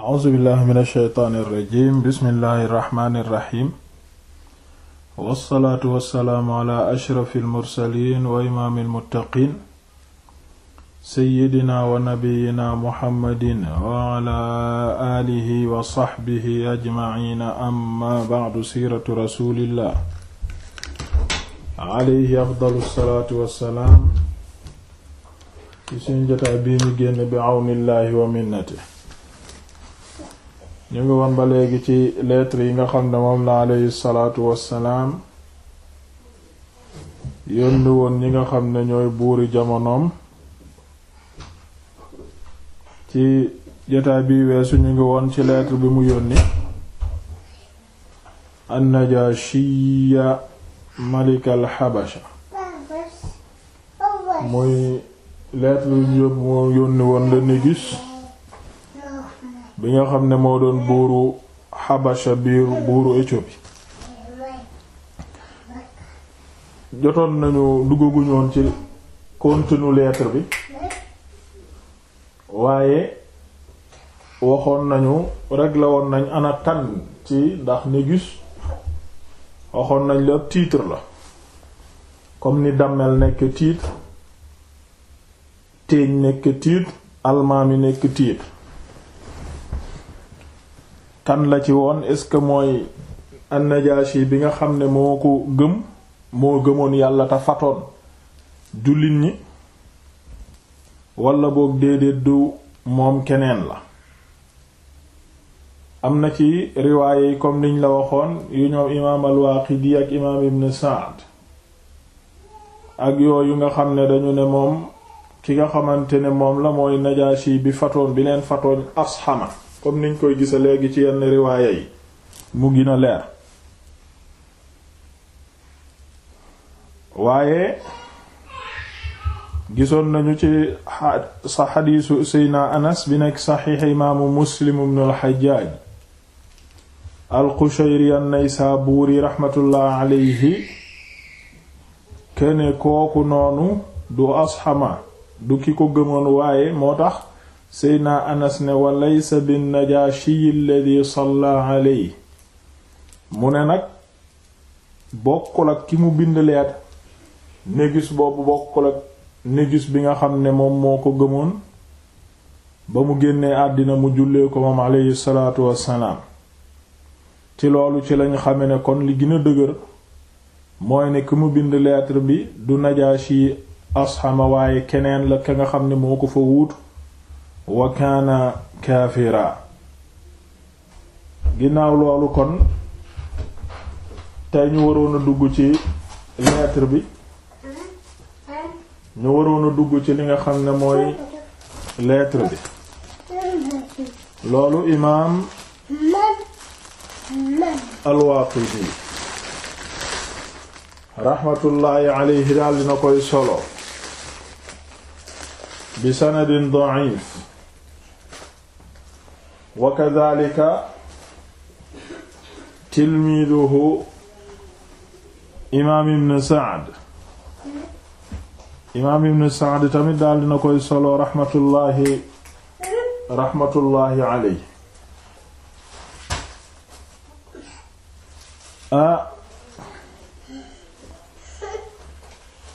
a'uuzu billahi min ashaytaani irrajim bismillahi irrahmaani irrahim wassalaatu wassalaamu ala ashrafi almursalin wa imaami almuttaqin seyyidina wa nabiyina muhammadin wa ala alihi wa saxbihi ajmaciina amma bacdu siiratu rasulillah alayhi afdalu salaatu wassalaam ci suñu jotaay bii ñu génn bi awnillahi wa minnati ñu ngi woon ba léegi ci lettre yi nga xam ne moom la aleyhi salaatu wassalaam yónni woon ñi nga xam ne ñooy buuri jamonoom ci jotaay bi weesu ñu ngi woon ci lettre bi mu yónni annajaashiya malikal xabasha muy lettre bi mu yónni woon la gis bi nga xam ne moo doon buuru Habasha biir buuru Éthiopie jotoon nañu duggaguñu ci contenu lettre bi waaye waxoon nañu réglé woon nañ ana kan ci ndax Négus waxoon nañ la titre la comme ni dammel nekk titre téeñ nekk titre almaami nekk titre kan la ci woon est-ce que mooy an bi nga xam ne moo ko gëm moo gëmoon yàlla te fatoon jullit ñi walla boog déedéet du moom keneen la am na ci riwaaye yi comme niñ la waxoon yu ñoom imaam al-Waaqidi ak imaam Ibn Sa'd ak yooyu nga xam ne dañu ne moom ki nga xamante ne moom la mooy Najaashi bi fatoon bi leen fatoon asxama comme niñ koy gisa léegi ci yenn riwaaya yi mu gën leer waaye gisoon nañu ci sa xadiisu seyna anas bi nekk saxiix imaamu muslim bnu alxajaaj alqushayri an-naysaabuuri raxmatullah alayhi kene kooku noonu du asxama du ki ko gëmoon waaye moo tax seydna anas ne wa laysa bin najaashiyi alladi salla aley mu ne nag bokkul ak ki mu bind leet négus boobu bokkul ak négus bi nga xam ne moom moo ko gëmoon ba mu génnee àddina mu jullee ko moom aleyhi salaatu wassalaam ci loolu ci lañ xame ne kon li gën a dëgër mooy ne ki mu bind lettre bi du najaashi ashama waaye keneen la ka nga xam ne moo ko fa wuutu wa kaana kaafira ginnaaw loolu kon tey ñu waroon a dugg ci lettre bi ñu waroon a dugg ci li nga xam ne mooy lettre bi loolu imaam al-Waaqidi raxmatullaahi alayhi daal dina koy solo bi sanadin da'if wa kadhalika tilmiiduhu imaam ibn saad tamit daal dina koy solo raxmatullaahi raxmatullaahi aley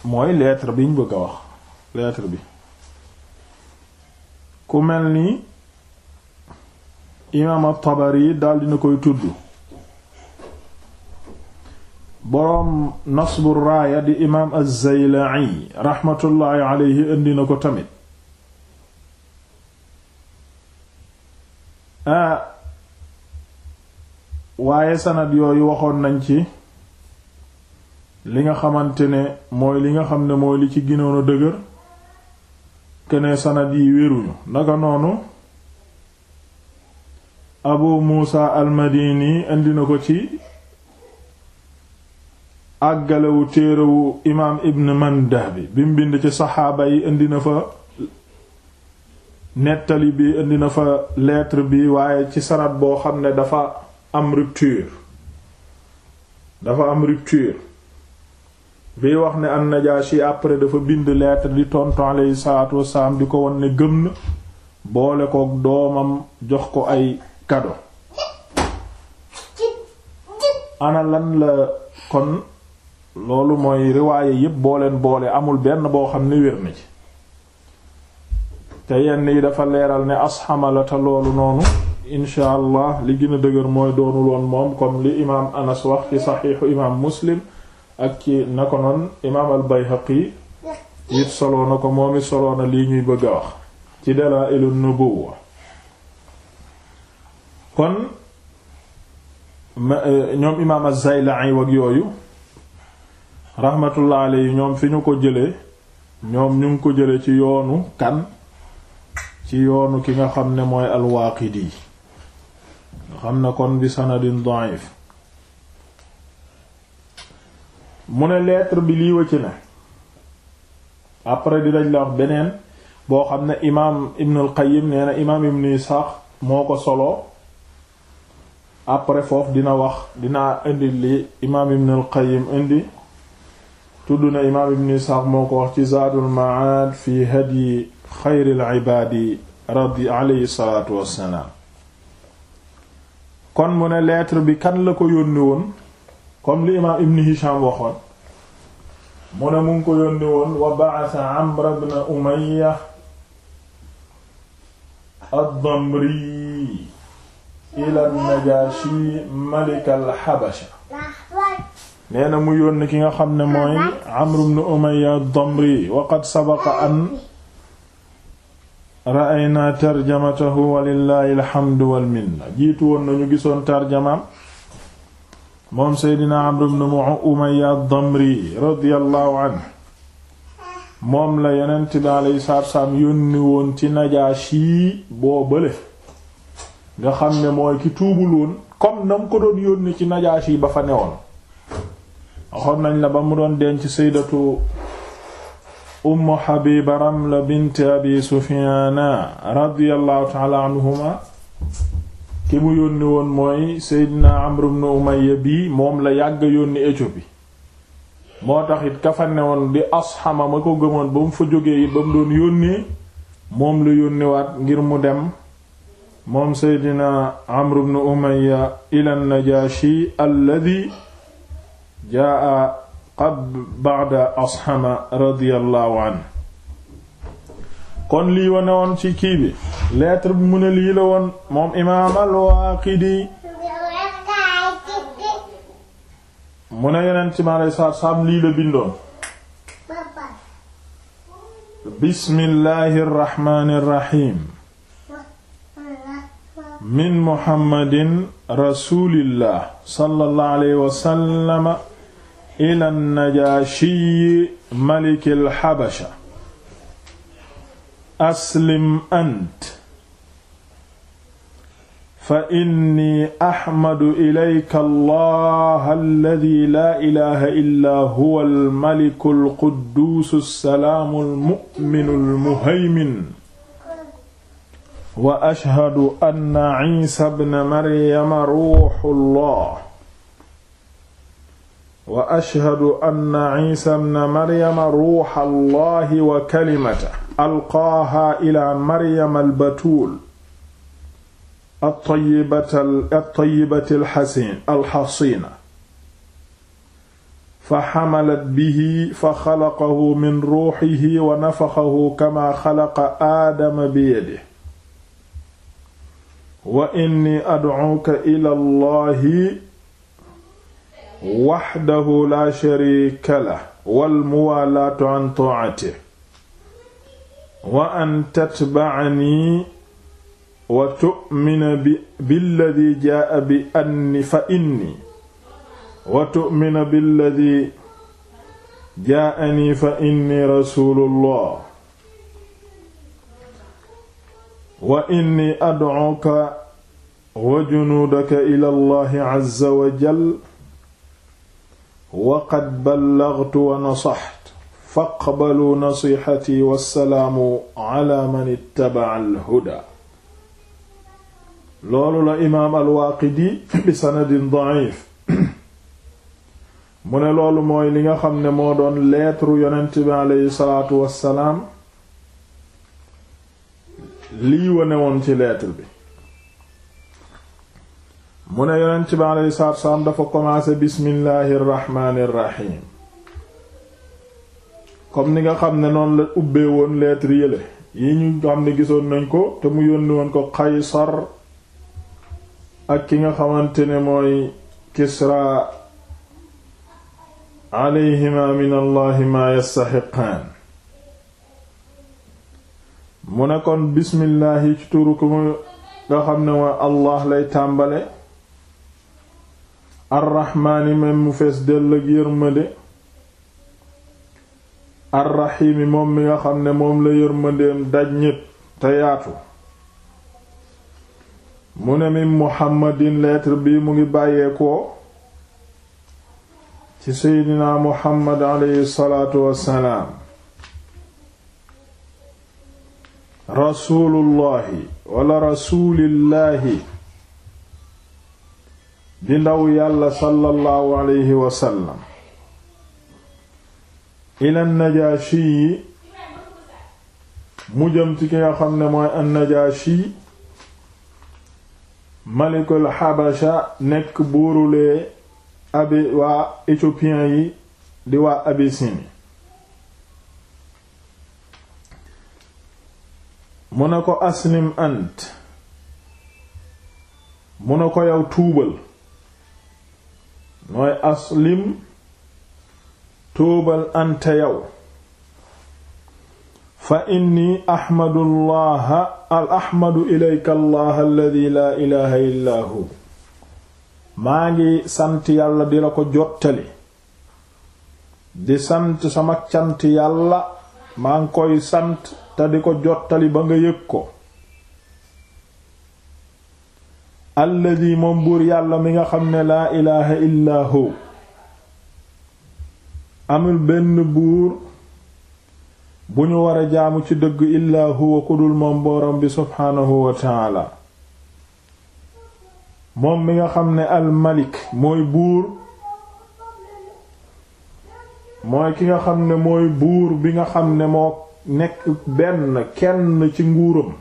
mooy lettre bi ñu bëgg a wax lettre bi ku mel nii imaam at-Tabari daal dina koy tudd boroom nasbu raaya di imaam az-Zayla'i raxmatullaahi alayhi indi na ko tamit ah waaye sanad yooyu waxoon nañ ci li nga xamante ne mooy li nga xam ne mooy li ci ginoon a dëgër kene sanad yi wéruñu naka noonu abu muusa almadini indi na ko ci àggalewu téerewu imaam ibn mandah bi bi bind ci saxaaba yi indi na fa nettali bi indi na fa lettre bi waaye ci sanad boo xam ne dafa am rupture dafa am rupture wax ne an yi après dafa bind lettre di tontu aleyhi salaatu wasalaam di ko won ne gëm na boole kook doomam jox ko ay kado ana lan la kon loolu mooy riwaaye yépp boo leen boole amul benn boo xam ne wér na ci te yenn yi dafa leeral ne asxamalata loolu noonu incha allah li gën a dëgër mooy doonul woon moom comme li imaam anas wax ci saxiixu imaam muslim ak ci na ko noon imaam al bayhaqi it soloo na ko moom it soloo lii ñuy bëgg a wax ci dalaa'ilu nubuwwa kon eh, ñoom imaam az-Zayla'i wak yooyu rahmatullah alayhi ñoom fi ñu ko jëlee ñoom ñu ngi ko jëlee ci yoonu kan ci yoonu ki nga xam ne mooy al-Waaqidi nga xam na kon bi sanadin da'if mu ne lettre bi lii wëcc na après di dañ la wax beneen boo xam ne imaam Ibn al-Qayyim nee na imaam Ibn Ishaq moo ko solo après foofu dina wax dina indi li imaam ibn al qayyim indi tudd na imaam ibn isxaaq moo ko wax ci zaadul maad fi hadyi xayril ibaadi radi alayhi salaatu wassalaam kon mu ne lettre bi kan la ko yónni woon comme li imaam ibn hisham waxoon mu ne mu ko yónni woon wa ba'atha amr ibn umayya ad-damri ila najashi malik al mu yónni ki nga xam ne mooy amr ibn umayya ad-damri wa qad sabaqa an ra'ayna tarjamatahu walillahi alhamdu wal minna jiitu woon nañu gisoon tarjamaam moom seydina amr ibn umayya ad-damri radiyallahu anhu moom la yenent bi alayhi salaam yónni woon ci najashi boo bële nga xam ne mooy ki tuubul woon comme na mu ko doon yónni ci najaashi yi ba fa newoon waxoon nañ la ba mu doon denc saydatu ummu habiba ramla bint abi sufiana radiallahu taala ki mu yónni woon mooy seydina amr ibn umayya bi moom la yàgg yónni Éthiopie moo taxit it ka fa newoon di asxama ma ko gëmoon ba mu fa jógee it ba mu doon yónnee moom la yónniwaat ngir mu dem moom seydina amru bnu umaya ila najashi alladi jaa qab bada asxama radiallahu an kon lii wane woon ci kii bi lettre bi mu ne lii la woon moom imaam alwaaqidi mu ne yeneen ci ma lay saar saam lii la bindoon bismillahi rrahmani rrahim min muhammadin rasulillah sallallahu alayhi wa sallam ila najaashiyi malikil xabasha aslim ant fa inni axmadu ilayka allah alladi laa ilaha illa huwa almaliku alqudduusu assalaamu almu'minu almuhaymin wa ashhadu anna Isa ibn Maryama ruuxullah wa ashhadu anna Isa ibn Maryama ruuxallahi wa kalimata alqaaha ila Maryama al-batuul at-tayyibati al-hasiina فحملت به فخلقه من روحه ونفخه كما خلق آدم بيده wa inni ad'uka ila allahi waxdahu la sharika lah wal muwalaatu an taa'atihi wa an tatba'ani wa tu'mina billadhi jaa'a bi anni fa inni wa tu'mina billadhi jaa'ani fa inni rasulullah wa inni ad'uka wa junuudaka ila allahi azza wa jal wa qad ballaghtu wa nasaxtu faqbalu nasixati wassalaamu ala man ittaba'a al-hudaa loolu la imaam al-Waaqidi bi sanadin da'if mu ne loolu mooy li nga xam ne moo doon lettre yonent bi aleyhi salaatu wassalaam lii wane woon ci lettre bi mu ne yonent bi alayhi salaatu dafa commencé bismillaahir rahmaanir rahiim comme ni nga xam ne noon la ubbee woon lettre yële yi ñu xam ne gisoon nañ ko te mu yónni woon ko Qaysar ak ki nga xamante ne mooy Kisra alayhima min allahi ma yastaxiqaan mu ne kon bismillah ci turu ko mu nga xam ne mooy allah lay tàmbale arraxmaani moom mu fees dell ak yërmande arraxiimi mi nga xam ne moom la yërmandeem daj ñépp te mu ne min muhammadin lettre bi mu ngi bàyyeekoo ci seydinaa muhammad aleyhi salaatu wassalaam rasuulullahi wala rasuulillahi di ndaw yàlla sallallahu alayhi wasallam ila najaashi yi mu jëm ci ki nga xam ne mooy annajaashi malikul xabasha nekk buurulee abi waa éthiopien yi di waa abisini mu ne ko aslim ant mu ne ko yow tuubal mooy aslim tuubal anta yow fa inni ahmadu llaha al ahmadu ilayka allaha alladi laa hu maa ngi sant yàlla di ko jottali di sant sama cant yàlla maa ngi koy sant te di ko jottali ba nga yëg ko alladi moom buur yàlla mi nga xam ne laa ilaha illa hu amul benn buur bu ñu war jaamu ci dëgg illa huwa ku dul moom boroom bi subhaanahu wa taala moom mi nga xam ne almalik mooy buur mooy ki nga xam ne mooy buur bi nga xam ne moo nekk benn kenn ci nguuram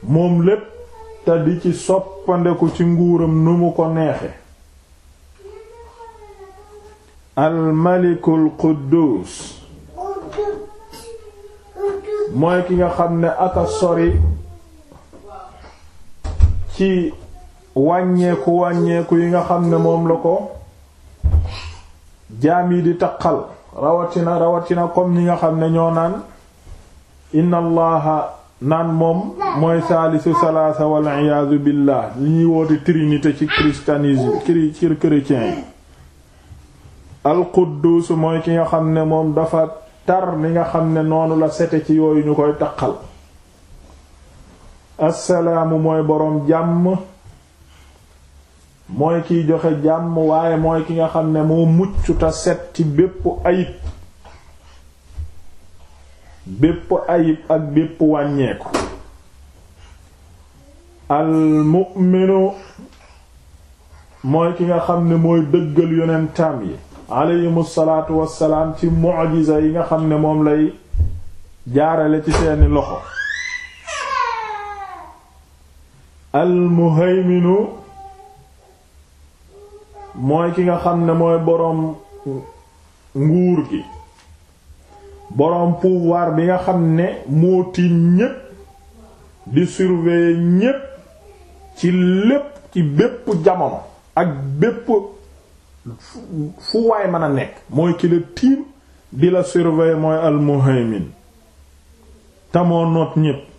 moom lépp te di ci soppandeku ci nguuram nu mu ko neexe almalikul quddus mooy ki nga xam ne aka sori ci wàññeeku wàññeeku yi nga xam ne moom la ko jaam yi di taqal rawatina rawatina comme ñi nga xam ne ñoo naan inna allaha naan moom mooy saalisu salaasa wal iyaazu billah li ñuy woote trinité ci christianisme ci chrétien yi alquddus mooy ki nga xam ne moom dafa tar mi nga xam ne noonu la sete ci yooyu ñu koy taqal assalaamu mooy boroom jàmm mooy kiy joxe jàmm waaye ki nga xam ne moo mucc ta set ci bépp bépp ayib ak wàññeeku al mu'minu mooy ki nga xam ne mooy dëggal yonentam yi aleyhim salaatu wassalaam ci mu'jiza yi nga xam ne moom lay jaarale ci seeni loxo al muhayminu mooy ki nga xam ne mooy boroom nguur gi boroom pouvoir bi nga xam ne moo tiim ñépp di surveiller ñépp ci lépp ci bépp jamono ak bépp fu waay mën a nekk mooy ki la tiim di la surveiller mooy al-Muhaymin ñépp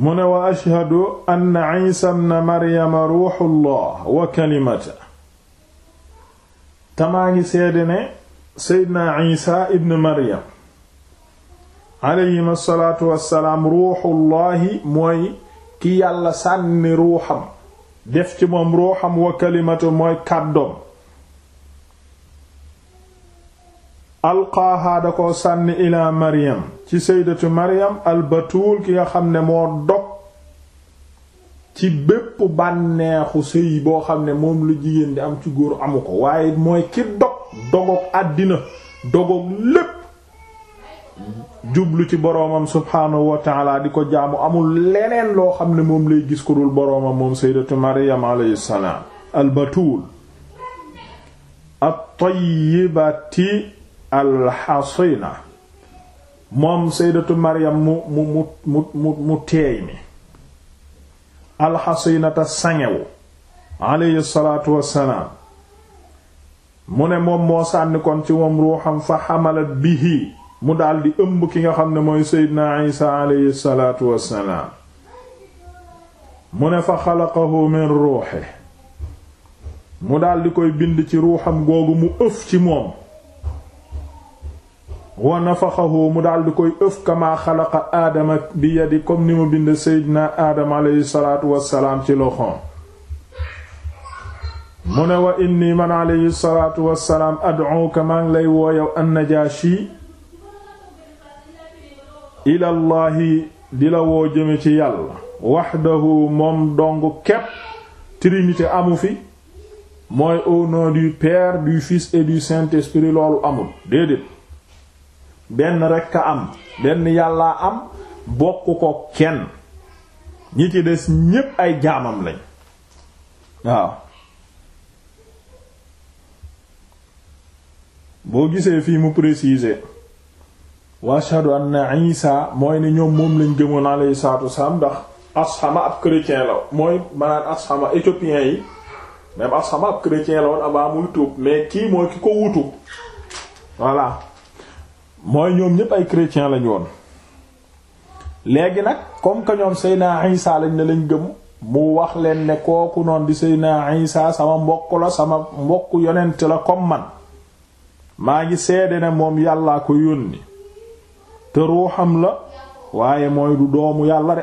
mu wa ashhadu anna isa bna maryama ruuxullah wa kalimata tamaa ngi seede ne seydna isa ibn maryam alayhim asalaatu wassalaam ruuxullaahi mooy ki yàlla sànni ruuxam def ci moom wa kalimata mooy kàddoom alqaaha ko sànni ila maryam ci saydatu mariyam albatuul ki nga xam ne moo dog ci bépp bànneexu sëy boo xam ne moom lu jigéen di am ci góor amu ko waaye mooy ki dog dogoog àddina dogoog lépp jublu ci boroomam subhaanahu wa di ko jaamu amul leneen loo xam ne moom lay gis ko dul boroomam moom saydatu maryam alayhi salaam albatuul at-tayyibati alxasina moom saydatu maryam mu mu mu mu mu teey mi alxasinata sangewu aleyhi salaatu wassalaam mu ne moom moo sànni kon ci moom ruuxam fa xamalat bihi mu daldi ëmb ki nga xam ne mooy seydina isa aleyhi salaatu wassalaam mu ne fa xalaqahu min ruuxi mu daldi koy bind ci ruuxam googu mu ëf ci moom wa nafaxahu mu daldi koy ëf kama xalaqa aadama bi yadi comme ni mu bind seydina aadam aleyhi salaatu ci loxoom mu ne wa inni man aleyhi salaatu wassalaam ad'uka maa ngi lay wooyow annajaashi ilallahi di la woo jëme ci yàlla wahdahu moom dong képp trinité amu fi mooy au nom du Père du Fils et du Saint-Esprit loolu amul déedéet benn rekk a am benn yàllaa am bokk ko kenn ñi ci des ñépp ay jaamam lañ waaw boo gisee fii mu préciser wa ashhadu anna isa mooy ne ñoom moom lañ jëmoon alayhi salaatu wasalaam ndax ashama ab chrétien la mooy maanaam ashama éthiopien yi même ashama ab chrétien la woon abaa muy tuub mais kii mooy ki ko wutu voilà mooy ñoom ñépp ay chrétien lañu woon léegi nag comme que ñoom Seyna Isa lañ ne lañ gëm mu wax leen ne kooku noonu di Seyna Isa sama mbokk la sama mbokk yonent la comme man maa ngi seede ne moom yàllaa ko yónni te ruuxam la waaye mooy du doomu yàlla de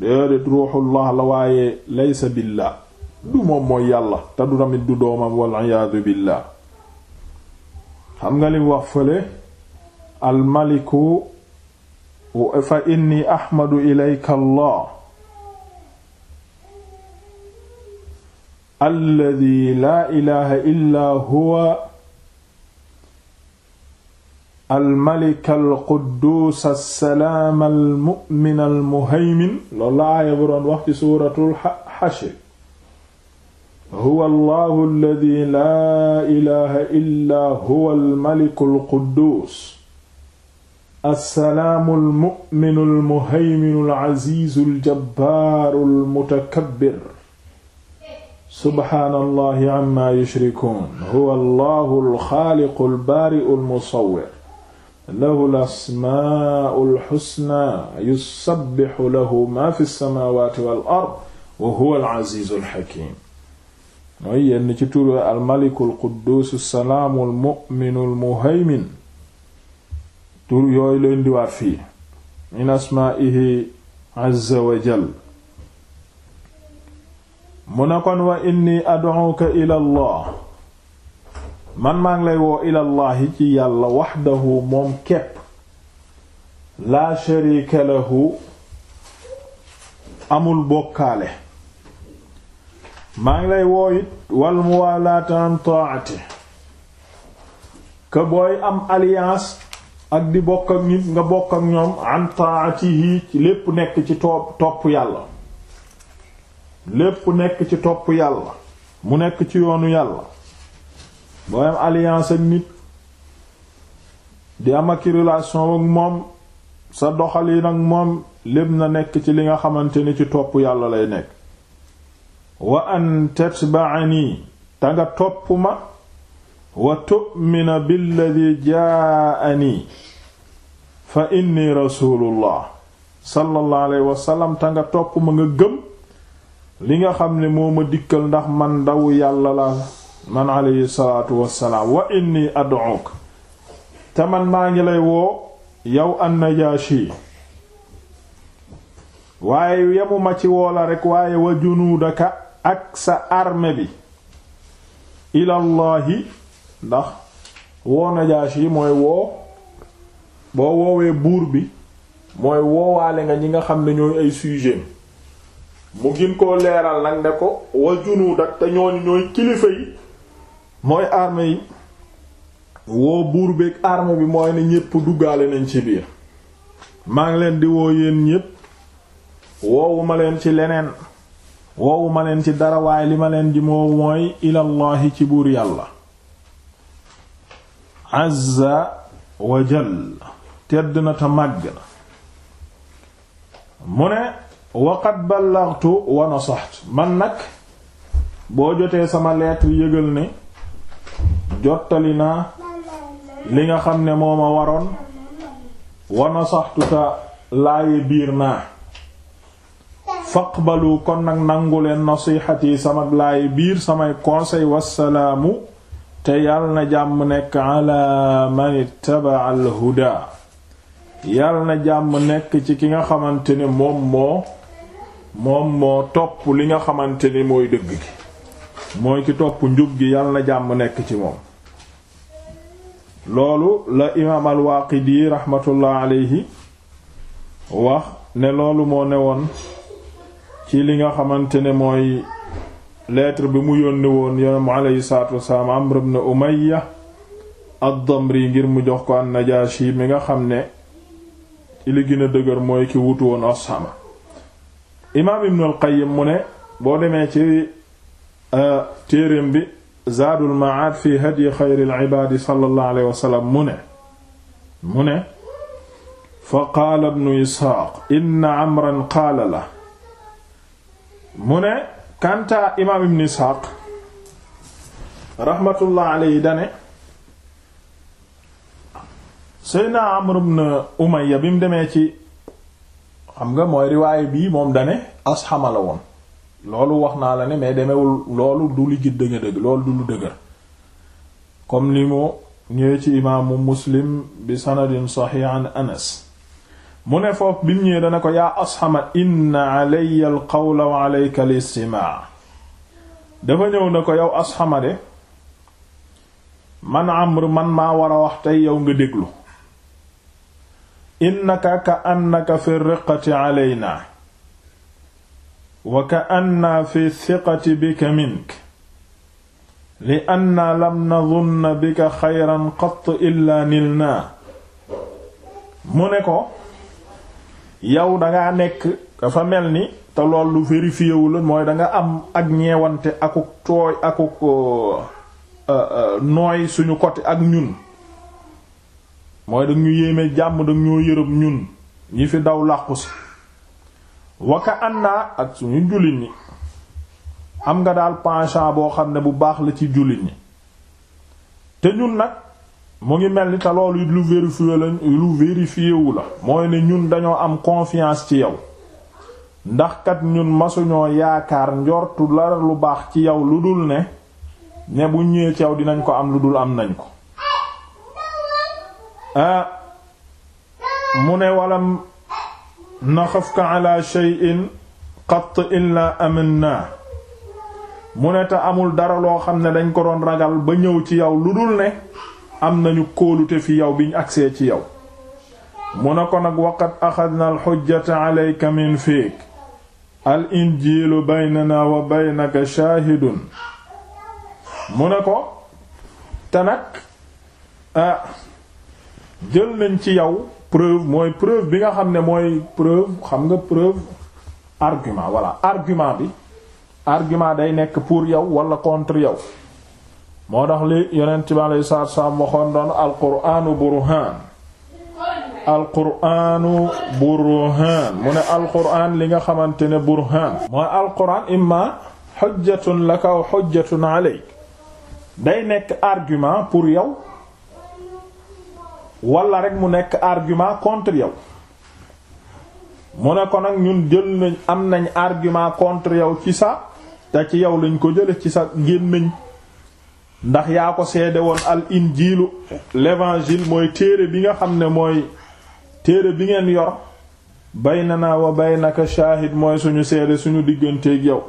déedéet ruuxullah la waaye laysa billah du moom mooy yàlla te du tamit du doomam wal iyaadu billah xam nga lim wax fële almaliku fa inni ahmadu ilayka allah alladi laa ilaha illa huwa almalik alquddus alsalaam almumin almuhaymin loolu la aaya bu doon wax ci suuratul xashr huwa allahu alladi laa ilaha illa huwa almaliku alquddus assalaamu almu'minu almuhayminu alazizu aljabbaaru almutakabbir subhaanallahi amma yushrikuun huwa allahu alxaaliqu albaari'u almusawwir lahu alasmaa'u alxusnaa yusabbixu lahu maa fi samaawaati wal ard wa huwa alazizu alxakiim mooy yenn ci turu almaliku alqudduus assalaamu almu'minu almuhaymin tur yooyu leen diwaat fii min asmaa'ihi azza wa mu ne kon wa inni ad'uka ila allah man maa ngi lay woo ilallahi ci yàlla waxdahu moom képp laa sharika lahu amul bokkaale maa ngi lay woo it wal muwalaata an taati que booy am alliance ak di bokk ak nit nga bokk ak ñoom an taatihi ci lépp nekk ci topp topp yàlla lépp nekk ci topp yàlla mu nekk ci yoonu yàlla boo am alliance ak nit di am ak relation ak moom sa doxalin ak moom lépp na nekk ci li nga xamante ni ci topp yàlla lay nekk wa an tatba'ani ta nga topp ma wa tu'mina billadi jaa'ani fa inni rasulullah sallallahu wa sallam te nga topp ma nga gëm li nga xam ni moo ma dikkal ndax man ndaw yàlla la man alayhi salaatu wassalaam wa inni ad'uk te man maa ngi lay woo yow an-Najaashi waaye yemuma ci woola rekk waaye wa junuudaka ak sa arme bi ilallaahi ndax woo Najaashi yi mooy woo boo woowee buur bi mooy woowaale nga ñi nga xam ne ñooy ay sujet mu gën koo leeral nag ne ko wa junuud te ñooñu ñooy kilifa yi mooy armée yi woo buur beeg armée bi mooy ne ñépp duggaale nañ ci biir maa ngi leen di woo yéen ñépp woowu leen ci leneen woowu leen ci dara waaye li ma leen di moo mooy ilallahi ci buur yàlla azza wa tedd na te màgg na mu ne waqad ballaghtu wa nasaxtu man nag boo jotee sama lettre yëgal ne jottali naa li nga xam ne moo ma waroon wa nasaxtu te laaye biir naa faqbalu kon nag nangu leen nasixati sama laaye biir samay conseil wassalaamu te yal na jàmm nekk ala man ittaba al huda yal na jàmm nekk ci ki nga xamante ne moom moo moom moo topp li nga xamante ni mooy dëgg gi mooy ki topp njub gi yal na jàmm nekk ci moom loolu la imaam al waaqidi raxmatullah alayhi wax ne loolu moo newoon ci li nga xamante ne mooy lettre bi mu yónni woon yonam alayhi salaatu wasalaam Amr ibn Umayya ad-Damri ngir mu jox ko an-Najaashi mi nga xam ne ci li gën dëgër mooy ki wutu woon Usaama imaam Ibn al mu ne boo demee ci euh, téereem bi Zaadul Ma'aad fi hadyi xayril ibaad sallallahu alayhi wa sallam mu ne mu ne fa qaala ibnu Isxaaq inna Amran qaala la mu ne kanta imaam ibn isxaaq raxmatullah alayhi dane seyna amr ibn umayya bi mu demee ci xam nga mooy riwaay bii moom dane asxama la woon loolu wax naa la ne mais demewul loolu du li gid dëgg loolu du lu dëgër comme li mu ñëwee ci imaamu muslim bi sanadin saxiix an anas mu ne foofu bi mu ñëwee ko yaa asxama inna alayya alqawla wa alayka alistimaa dafa ñëw na ko yaw asxama de man amr man maa war a wax tey yow nga déglu innaka ka annaka fi riqati alayna wa ka anna fi thiqati bika mink li anna lam nadunna bika xayran qatt illa nilna ko yow danga nekk dafa mel ni te lool lu vérifié wu la mooy danga am ak ñeewante akuk tooy akuk uh, uh, uh, nooy suñu côté ak ñun mooy dag ñu yéeme jàmm dag ñoo yërëm ñun ñi fi daw làqu si waka anna ak suñu jullit ñi am nga daal penchant boo xam ne bu baax la ci jullit ñi te ñun nag mu ngi mel ni te loolu it lu vérifié la lu vérifié wu la mooy ne ñun dañoo am confiance ci yow ndax kat ñun masuñoo yaakaar njortu la lu baax ci yow lu dul ne ne bu ñëwee ci yow dinañ ko am lu dul am nañ ko ah mu ne walam naxafka ala shay'in qatt illa amanna mu ne te amul dara loo xam ne dañ ko doon ragal ba ñëw ci yow lu dul ne am nañu kóolute fi yow biñ agsee ci yow mu ne ko nag waqad axadna alxujjata aleyka min fiik al injiilu baynana wa baynaka shaahidun mu ne ko te nag ah jël nañ ci yow preuve mooy preuve bi nga xam ne mooy preuve xam nga preuve argument voilà argument bi argument day nekk pour yow wala contre yow moo tax li yonent bi alayhi salaatu salaam waxoon doon alqur'aanu burhaan alqur'aanu burhaan mu ne alqur'aan li nga xamante ne burhaan mooy alqur'aan imma xujjatun laka wa xujjatun alayk day nekk argument pour yow wala rek mu nekk argument contre yow mu ne ko nag ñun jël nañ am nañ argument contre yow ci sa te ci yow lañ ko jële ci sa génn ndax yaa ko seede woon al injilu l'évangile mooy téere bi nga xam ne mooy téere bi ngeen yor na wa baynaka shaahid mooy suñu seede suñu diggante yow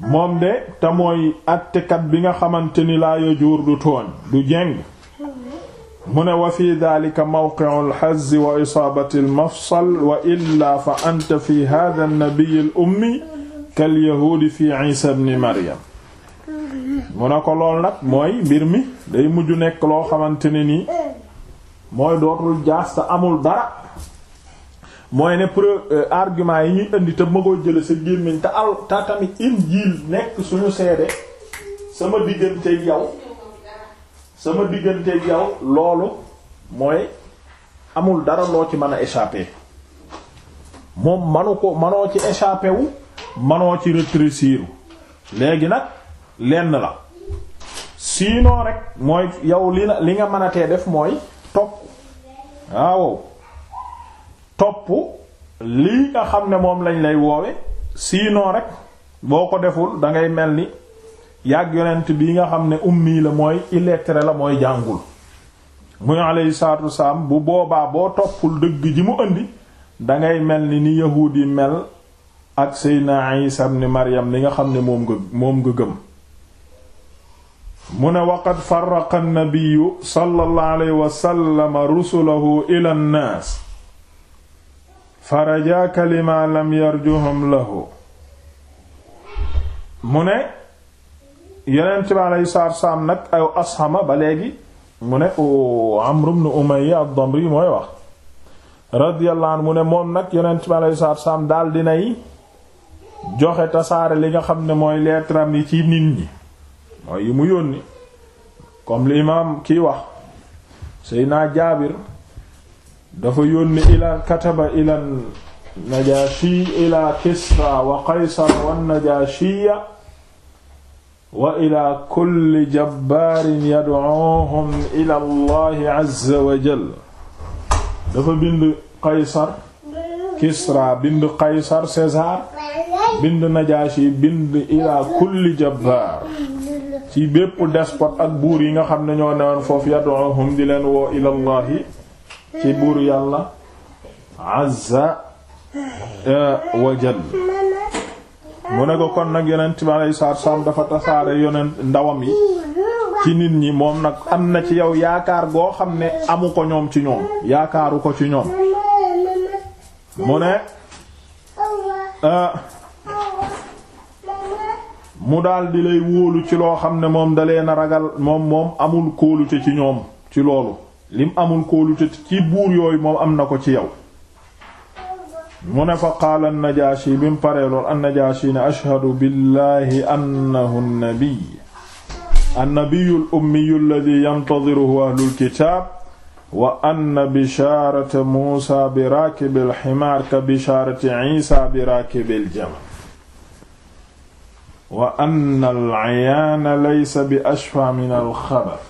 moom de te mooy àttekat bi nga xamante ni laa yajuur du tooñ du jeng mu ne wa fi daalika mawqi'u al-hazzi wa isaabati al-mafsal wa illaa fa anta fi haadha an al-ummi kal yahuudi fi Iisaa ibn Maryam mu ne ko lool nag mooy mbir mi day mujju nekk loo xamante ne nii mooy dootul jaas sa amul dara mooy ne pour euh, argument yi ñuy indi te ma koy jële sa gémmiñ te aw te tamit injiil nekk suñu seede sama digganteeg yow sama digganteeg yow loolu mooy amul dara loo ci mën a échapper moom manu ko manoo ci échapper wu manoo ci rétrécir léegi nag lenn la sinon rek mooy yow li li nga mën a tee def mooy topp waaw topp li nga xam ne moom lañ lay woowe sinon rek boo ko deful dangay mel ni yàgg yonent bii nga xam ne ummi la mooy illettré la mooy jàngul muy alayhi salaatu wasalaam bu boobaa boo toppul dëgg ji mu indi dangay mel ni ni yahuud yi mel ak Seydina Isa ibn Maryam li nga xam ne moom nga moom nga gëm mu ne waqad farraqa nnabiyu sallallahu alayhi wa sallam rusulahu ila nnaas farajaaka lima lam yarjuhum lahu mu ne yonent bi alayhi salaatu salaam nag ay asxama ba léegi mu ne Amr ibn Umayya ad-Damri mooy wax radiyallahu anhu mu ne moom nag yonent bi alayhi salaatu salaam daal dinay joxe tasaare li nga xam ne mooy leetaram yi ci nit ñi mooy yi mu yónni comme li imaam kii wax Seydina dafa yónni ila Kisra wa Qaysar wa najashiya wa ila kulli jabbaarin yad'uuhum ila Allahi azza wa dafa bind Qaysar Kisra bind Qaysar César bind najashi bind ila kulli jabbaar ci bépp despote ak buur yi nga xam ne ñoo newoon foofu yad'uhum di leen woo ilallahi ci buur yàlla azza wa jal mu ne ko kon nag yeneen bi alayhi salaatu dafa tasaare yonent ndawam yi ci nit ñi moom nag am na ci yow yaakaar goo xam ne amu ko ñoom ci ñoom yaakaaru ko ci ñoom mu ne euh, mu daal di lay wóolu ci loo xam ne moom dalee na ragal moom moom amul kóolute ci ñoom ci loolu lim amul kóolute ci buur yooyu moom am na ko ci yow mu ne fa qaala an-Najaashi bi mu paree lool na najaashi ne ashhadu billahi annahu an-nabiy an-nabiyyu al-ummiyyu alladhi yantaziruhu ahlul kitaab wa anna bishaarata Muusaa bi raakibil himaar ka bishaarati Iisaa bi raakibil jamal wa anna al-ayaana laysa bi ashfa min al-xabath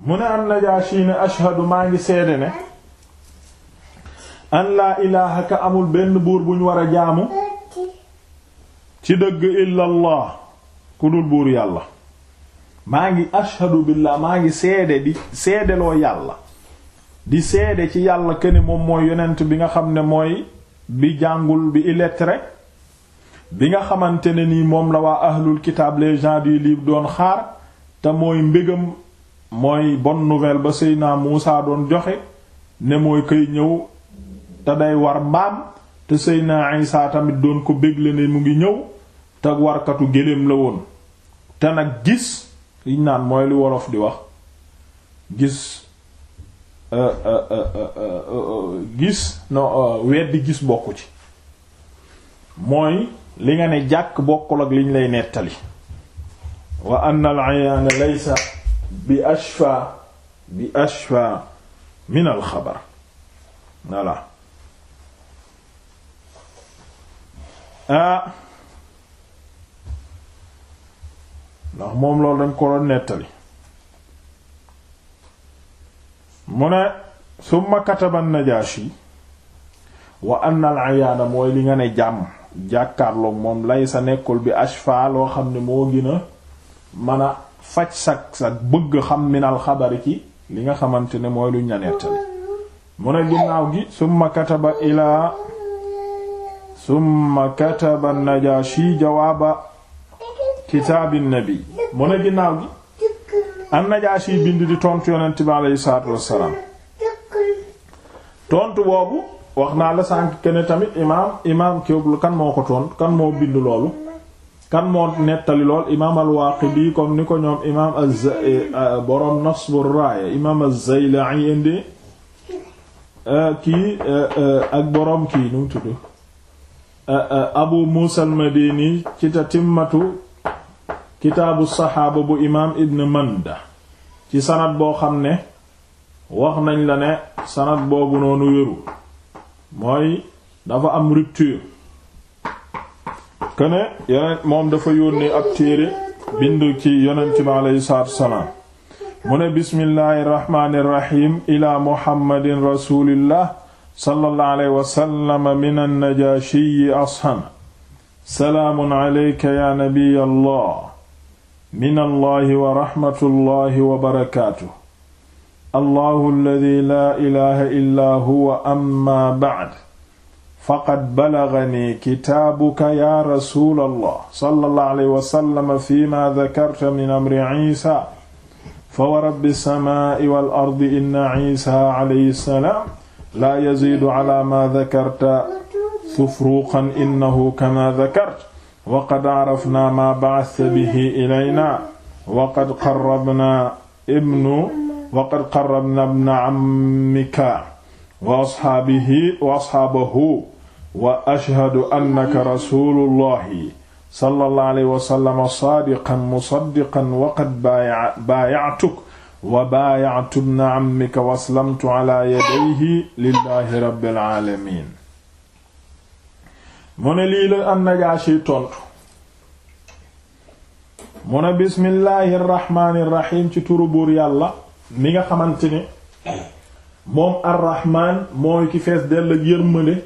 mu ne am Najaashi ne ashhadu maa ngi seede ne an laa ilaaha ka amul benn buur bu ñu war a jaamu ci dëgg illa allah ku dul buur yàlla maa ngi ashhadu billah maa ngi seede di seedeloo yàlla di seede ci yàlla ke ne moom mooy yonent bi nga xam ne mooy bi jàngul bi illettré bi nga xamante ne nii moom la waa ahlul kitaab les gens du livre doon xaar te mooy mbégam mooy bonne nouvelle ba naa Muusa doon joxe ne mooy koy ñëw te day war mbaam te sëy Isa tamit doon ko bégle ne mu ngi ñëw te warkatu géléem la woon te nag gis liñ naan mooy li wolof di wax gis euh, euh, euh, gis non weddi gis bokk ci mooy li nga ne jàkk bokkul ak liñ lay nettali wa anna al-ayaan laysa bi ashfa bi ashfa min al-xabar ah. ndax moom loolu dañ ko doon nettali mu ne summa kataba an-Najaashi wa anna al-ayaana mooy li nga ne jàmm jàkkaarloog moom lay sa nekkul bi ashfa loo xam ne moo gën a faj sak sak bëgg xam minal xabari ci li nga xamante ne mooy luñ la nettali mu ne ginnaaw gi summa kataba ilaa summa kataba najashi jawaaba kitaabi nabi mu ne ginnaaw gi an najashi bind di tontu yonent bi aleyhi salaatu wassalaam tontu boobu wax naa la sànq kene tamit imaam imaam kiwb kan moo ko toon kan moo bind loolu kan moo nettali lool imaam al-Waaqidi comme ni ko ñoom imaam az eh, borom Nasbu Raaya indi eh, kii eh, ak borom kii nu tudd Abu Muusa al-Madini ci tatimmatu kitaabu saxaaba bu imaam Ibn Manda ci sanad boo xam ne wax nañ la ne sanad boobu noonu wéru mooy dafa am rupture que moom dafa yónnee ab téere bind ci yonent bi aleyhi salaatu wasalaam mu ne bismillahi irrahmaani irrahim ila muhammadin rasulillah sallallahu alayhi wa sallam min annajaashiyi asham salaamun aleyka ya nabiy allah min allahi allahu alladi laa ilaha illa huwa amma bacd faqad balagani kitaabuka ya rasul allah sallallahu alayhi wasallam fi ma dakarta min amri isa fa wa rabbi samaa'i wal ardi inna isa alayhi salaam laa yaziidu ala ma dakarta sufruuqan innahu kama dakarta wa qad arafna ma bacasta bihi ilayna wa qad qarrabna ibnu waqad qarrabna ibna ammika wa ashaabihi wa ashaabahu wa ashhadu annaka rasulullahi sallallahu alayhi wa sallam saadiqan musaddiqan waqad baaya'tuk wa baaya'tu ibna ammika wa aslamtu ala yadayhi lillahi rabbil alamin mu ne lii la An-Najaashi tontu mu ne bismillahi rahmaani rahiim ci turu buur yàlla mi nga xamante ne moom arrahman mooy ki fees dell ak yërmande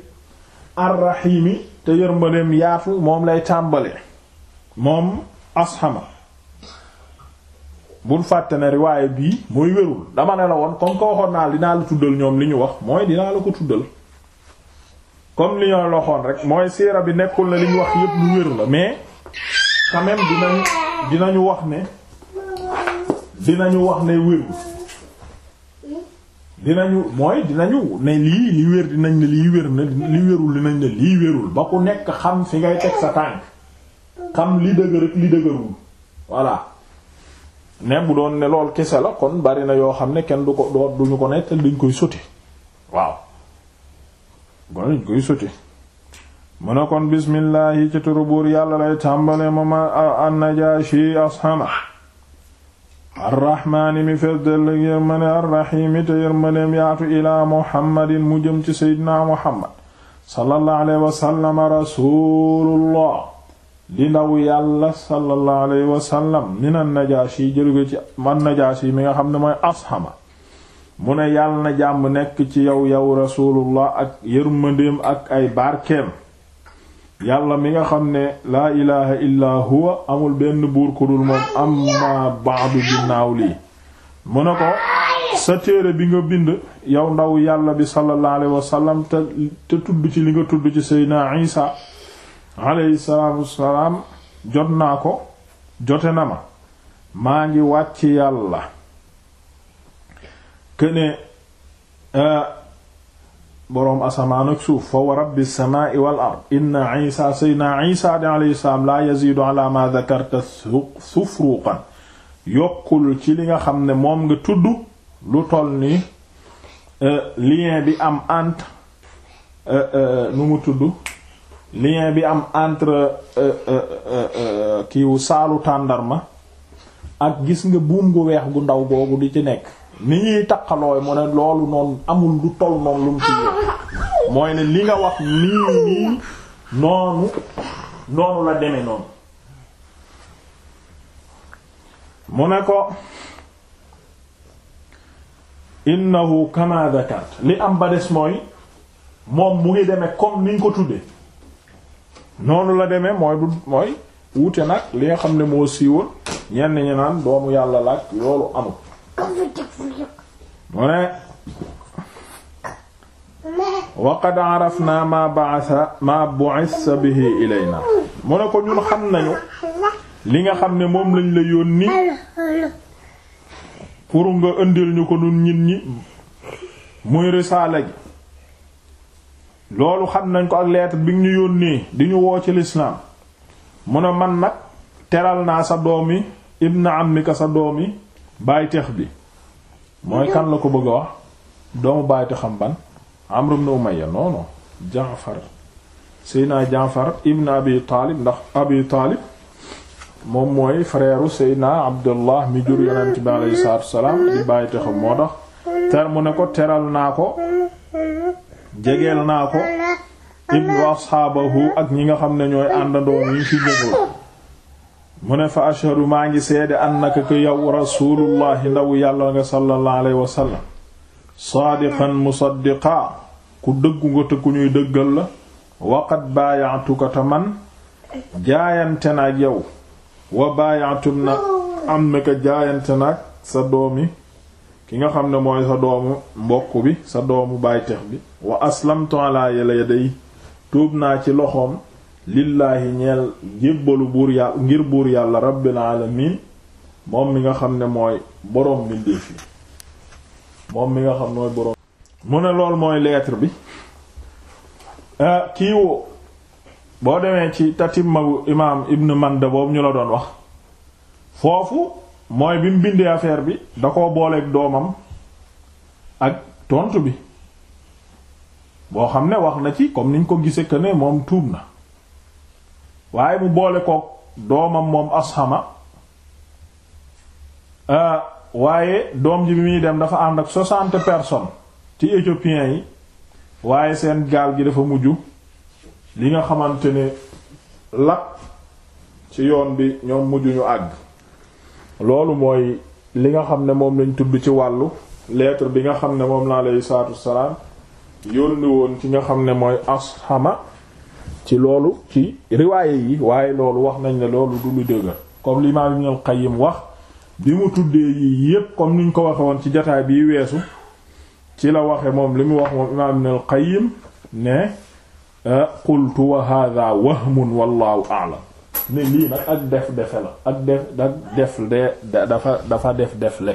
arrahimi te yërmandeem yaatu moom lay tàmbale moom asxama bul fàtte ne riwaaye bii mooy wérul dama ne la woon comme ko waxoon naa dinaa la tuddal ñoom li ñu wax mooy dinaa la ko tuddal comme li ñoo loxoon rek mooy siira bi nekkul na li ñu wax yépp lu wér la mais quand même dinañ dinañu wax ne dinañu wax ne wér dinañu mooy dinañu ne lii li wér dinañ ne lii wér na li wérul ba ku nekk xam fi ngay teg sa tànk xam li dëgërul voilà ne bu doon ne lool kese la kon bari na yoo xam ne kenn du ko doo duñu ko nettal dañ koy sotti waaw kon dañ koy sotti mu ne kon bismillaahi ci turu buur yàlla lay tàmbale mooma an-Najaashi ashama arraxmaani mi fees dell yërmane arraxiimi te yërmaneem yaatu ilaa muhammadin mu jëm ci seydinaa muhammad sallallahu alayhi wasallam rasulullah di ndaw yàlla sallallahu alayhi wasallam min an najaashi jëluge ci man najaashi mi nga xam ne mooy asxama mu ne yàll na jàmm nekk ci yow yow rasulullah ak yërmandeem ak ay barkeem yàlla mi nga xam ne laa ilaha illa amul benn buur ku dul moom amma ba'du ginnaaw lii mu ne ko sa téere bi nga bind yow ndaw yàlla bi sallallahu alayhi te tudd ci li nga tudd ci seydina isa alayhi salaam wassalaam jot naa ko jote na ma maa ngi wàcc yàlla këne eh, boroom asamaan ak suuf foo wa rabbi samaa'i wal ard inna isa sayna isa di alayhi salaam laa yaziidu ala ma dhakarta sufruqan yokkul ci li nga xam ne moom nga tudd lu toll nii euh, lien bi am entre euh, euh, nu mu tudd lien bi am entre kiiwu saalu tàndarma ak gis nga buum gu weex gu ndaw googu di ci nekk ni ñuy taqalooy mu ne loolu noonu amul lu toll noonu lu mu ci mooy ne li nga wax nii nii noonu noonu la deme noonu mu ne ko innahu kama dhakart li am ba des mooy moom mu ngi demee comme ni ñu ko tudde noonu la deme mooy du mooy wuute nag li nga xam ne moo siiwoon ñenn ñi naan doomu yàlla laaj loolu amul mu ne waqad arafna ma ba'atha ma bu'itha bihi ilayna mu ne ko ñun xam nañu li nga xam ne moom lañ la yónni pour nga indil ñu ko nun ñit ñi muy risaala gi loolu xam nañ ko ak lettre bi ñu yónnee di ñu woo ci lislaam mu ne man nag teral naa sa doomi ibn amika sa doomi baay tex bi mooy kan la ko bëgg a wax doomu bàyyite xam ban Amr ibn Umayya non non Jaafar Seydina Jaafar ibn Abi Taalib ndax Abi Taalib moom mooy frère Seydina Abdullah mi jur yonent bi alayhi salaatu wassalaam di bàyyite xam moo tax ter mu ne ko teral naa ko jegeel naa ko ibnu ashaabahu ak ñi nga xam ne ñooy àndandoom yi fi jógul mu ne fa ashhadu maa ngi seede annaka ko yow rasulullahi ndaw yàlla nga sallallahu alayhi wa sallam saadiqan musaddiqaa ku dëggu nga te ku ñuy dëggal la waqad baayaatuka te man jaayante naag yow wa baayatum na am ko jaayante naag sa doomi ki nga xam ne mooy sa doomu mbokk bi sa doomu baaytex bi wa aslamtu ala yala yaday tuub naa ci loxoom lillaahi ñeel jébbalu buur yàlla ngir buur yàlla rabbil alamin moom mi nga xam ne mooy boroom mbindeef yi moom mi nga xam mooy boroom mu ne lool mooy lettre bi ah, kii boo demee ci tatimmagu imaam ibn manda boobu ñu la doon wax foofu mooy bi mu bindee affaire bi da ko booleeg doomam ak tontu bi boo xam ne wax na ci comme niñ ko gisee que moom tuub na waaye mu boole kook doomam moom asxama euh, waaye doom ji bi muy dem dafa ànd ak soixante personnes ci éthiopiens yi waaye seen gaal gi dafa mujj li nga xamante ne lap ci yoon bi ñoom mujj ñu àgg loolu mooy li nga xam ne moom lañ tudd ci wàllu lettre bi nga xam ne moom la alayhi salaatu wassalaam yónni woon ci nga xam ne mooy asxama ci loolu ci riwaaye yi waaye loolu wax nañ ne loolu du lu dëgër comme l'imam Ibn al-Qayyim wax bi mu tuddee yii yépp comme niñ ko waxee woon ci jataay bi weesu ci la waxe moom li mu wax moom imam Ibn al-Qayyim ne eh, qultu wa hadha wahmun wallahu a'lam ne lii nag ak def defe la ak def ak def de dafa dafa def defle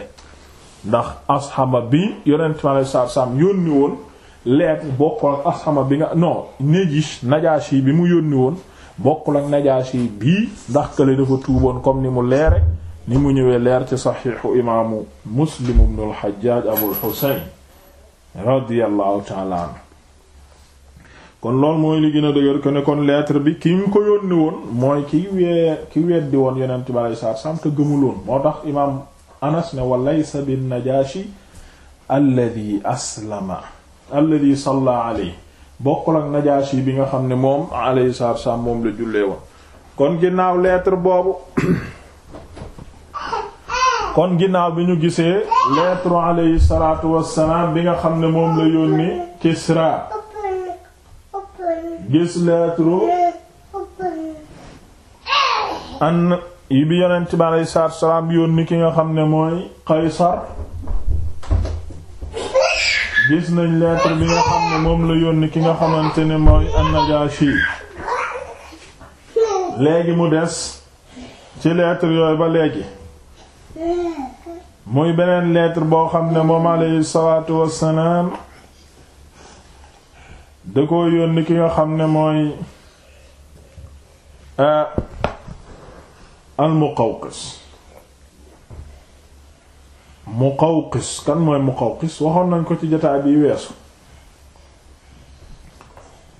ndax ashama bi yonent mi alei satu yónni woon leer bokkul ak bi nga non Najish Najashi bi mu yónni woon bokkul ak Najashi bii ndax kële dafa tuuboon comme ni mu leere ni mu ñëwee leer ci saxiixu imaamu Muslim ibn al-Hajjaj Abul Husayn radiyallahu ta'ala kon loolu mooy li dëgër que ne kon lettre bi ki ñu ko yónni woon mooy ki wee ki weddi woon yonent bi alayhi salaatu gëmuloon moo tax imaam Anas ne wa laysa bin Najashi alladhi aslama alladi salla alayhi bokkul ak Najaashi bi nga xam ne moom alayhi salaatu wassalaam moom la jullee woon kon ginnaaw lettre boobu kon ginnaaw bi ñu gisee lettre alayhi salaatu wassalaam bi nga xam ne moom la yónni Kisra gis lettre an yi bi yonent bi alayhi salaatu wassalaam yónni ki nga xam ne mooy Qaysar gis nañ lettre bi nga xam ne moom la yónni ki nga xamante ne mooy an-Najashi léegi mu des ci lettre yooyu ba léegi muy beneen lettre boo xam ne moom alayhi salaatu wassalaam da ki nga xam ne mooy ah, al-Muqawqis muqawqis kan mooy muqawqis waxoon nañ ko ci jotaay bi weesu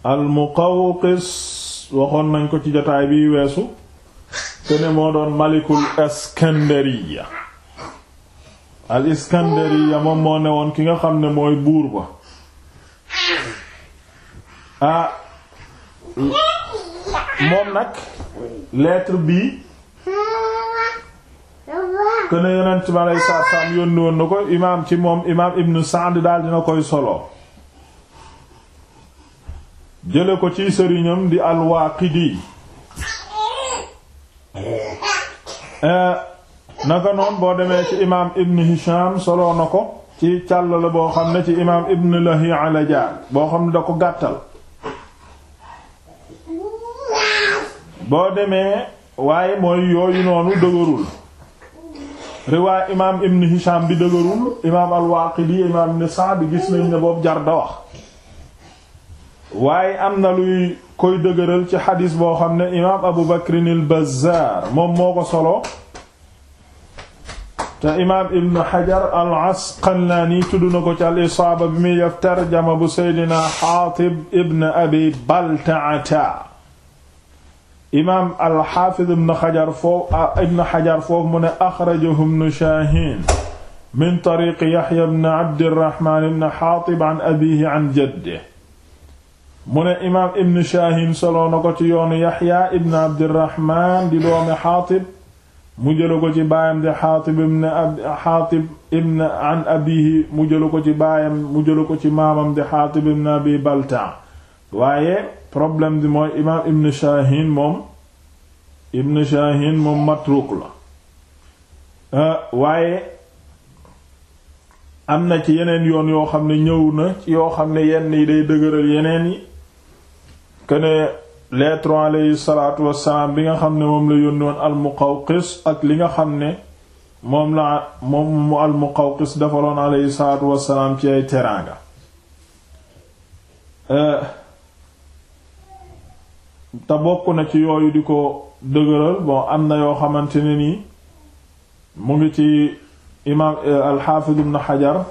al muqawqis waxoon nañ ko ci jotaay bi weesu kene moo doon malikul iskandariya al iskandariya moom moo ne woon ki nga xam ne mooy buur ba ah moom nag lettre bi këna yonent bi aleyhi salaatu salaam yónni woon na ko imaam ci moom imaam ibn Sa'd daal dina koy solo jële ko ci sëriñam di al-Waaqidi eh, naka noon boo demee ci imaam ibn Hisham solo na ko ci càll la boo xam ne ci imaam ibn Lahi'a la jaar boo xam ne da ko gàttal boo demee waaye mooy yooyu noonu dëgërul riwaay imaam ibn Hisham bi dëgërul imaam al imaam ibn Sa'd gis nañ ne boobu jar am na luy koy dëgëral ci xadiis boo xam ne imaam Abu Bakr al-Bazzaar moom moo solo te imaam ibn Hajar al-Asqalaani tudd na ko ci al-Isaaba bi muy yaf tarjama bu Seydina Xaatib ibn Abi Baltaata imaam alxaafiz ibn xajar foofu ah, ibn xajar foofu mu ne axrajahu ibn shaahin min tariq yaxya ibn abdirahman ibn xaatib an abihi an jadde mu ne imaam ibn shaahin soloo na ko ci yoonu yaxya ibn abdirahman di doomi xaatib mu jëlu ko ci baayam di xaatib ibn xaatib ibn an abihi mu jëlu ko ci baayam mu jëlu ko ci maamam di xaatib ibn abi baltaa waaye problème bi mooy imaam Shahin moom Ibn Shahin moom matruk la euh, waaye am na ci yeneen yoon yoo xam ne ñëw na ci yoo xam ne yenn yi day dëgëral yeneen yi kene lettre alayhi salaatu wassalaam bi nga xam ne moom la yónni woon al ak li nga xam ne moom la moom mu al-Muqawqis defaloon alayhi salaatu wassalaam ci ay teraanga euh, te bokk na ci yooyu di ko dëgëral bon am na yoo xamante ne nii mu ngi ci imaam eh, alxaafiz ibn xajar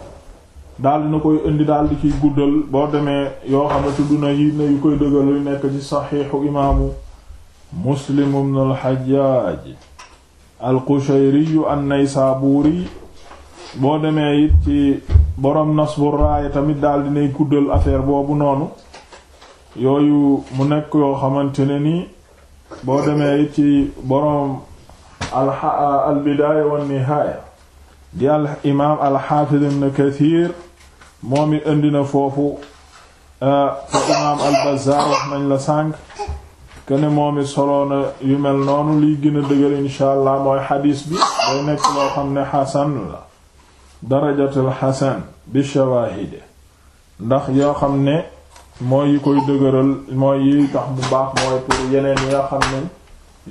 daal na koy indi daal di ciy guddal boo demee yoo xam ne na yi ne yu koy dëgëral yu nekk ci saxiixu imaamu muslim ibn alxajaaj alqushayri an-naysaburi boo demee it ci borom nasbu raaya tamit daal dinay guddal affaire boobu noonu yooyu mu nekk yoo xamante ne ni boo demee it ci boroom albidaaya wa nihaaya di al imaam alxaafiz ibn kathir moom it indi na foofu fa imaam albazar wax nañ la sànq kene moom it soloona yu mel noonu liy gën a dëgër insha allah mooy xadiis bi day nekk loo xam ne xasan darajatul xasan bi shawaahide ndax yoo xam ne mooy yi koy dëgëral mooy yi tax bu baax mooy pour yeneen yi nga xam ne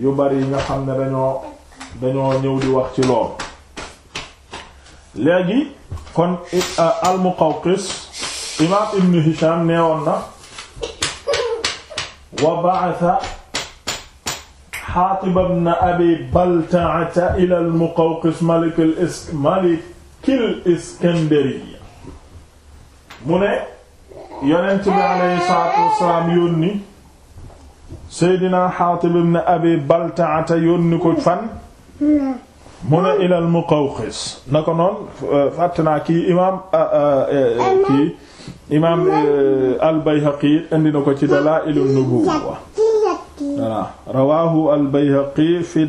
yu bari yi nga xam ne dañoo dañoo ñëw di wax ci lool léegi kon euh, al-Muqawqis imaam Ibn Hisham neewoon na wa ba'atha Haatib ibn Abi Balta'a ila al-Muqawqis malik al-Iskandari mu ne yonent bi aleyhi salaatu wasalaam yónni seydina Abi Baltaata yónni ko fan mu ne ilal Muqawqis na ko noon fàtt naa kii imaam e, kii imaam e, na ko ci Dalaa'il an-Nubuwwa voilà fi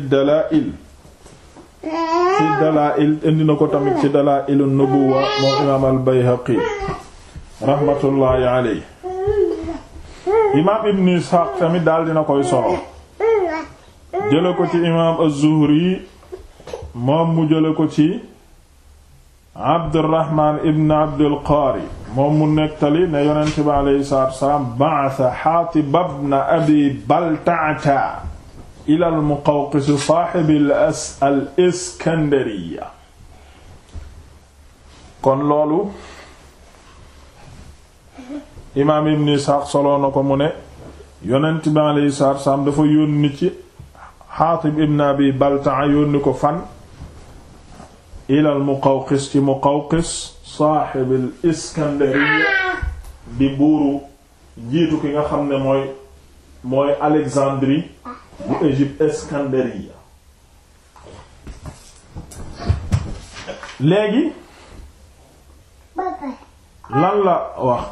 Dalaa'il fi na ko tamit ci Dalaa'il an-Nubuwwa moom imaam raxmatullaahi alayhi imaam ibn Isxaaq tamit daal dina koy solo jële ko ci imaam az-Zuhri moom mu jële ko ci Abdurrahmaan ibn Abdul Qaari moom mu nettali ne yonent bi alayhi salaatu wassalaam ba'atha Haatib ibn Abi Balta'a ila al-Muqawqis saaxib al-Iskandariya kon loolu imaam ibn Isxaaq soloon na ko mu ne yonent bi alayhi salaatu dafa yónni ci Xaatib ibn Abi Baltaa yónni ko fan ilal Muqawqis ci Muqawqis saaxibil Iskandariya di buuru jiitu ki nga xam ne mooy mooy Alexandrie bu Égypte Iskandariya léegi lan la wax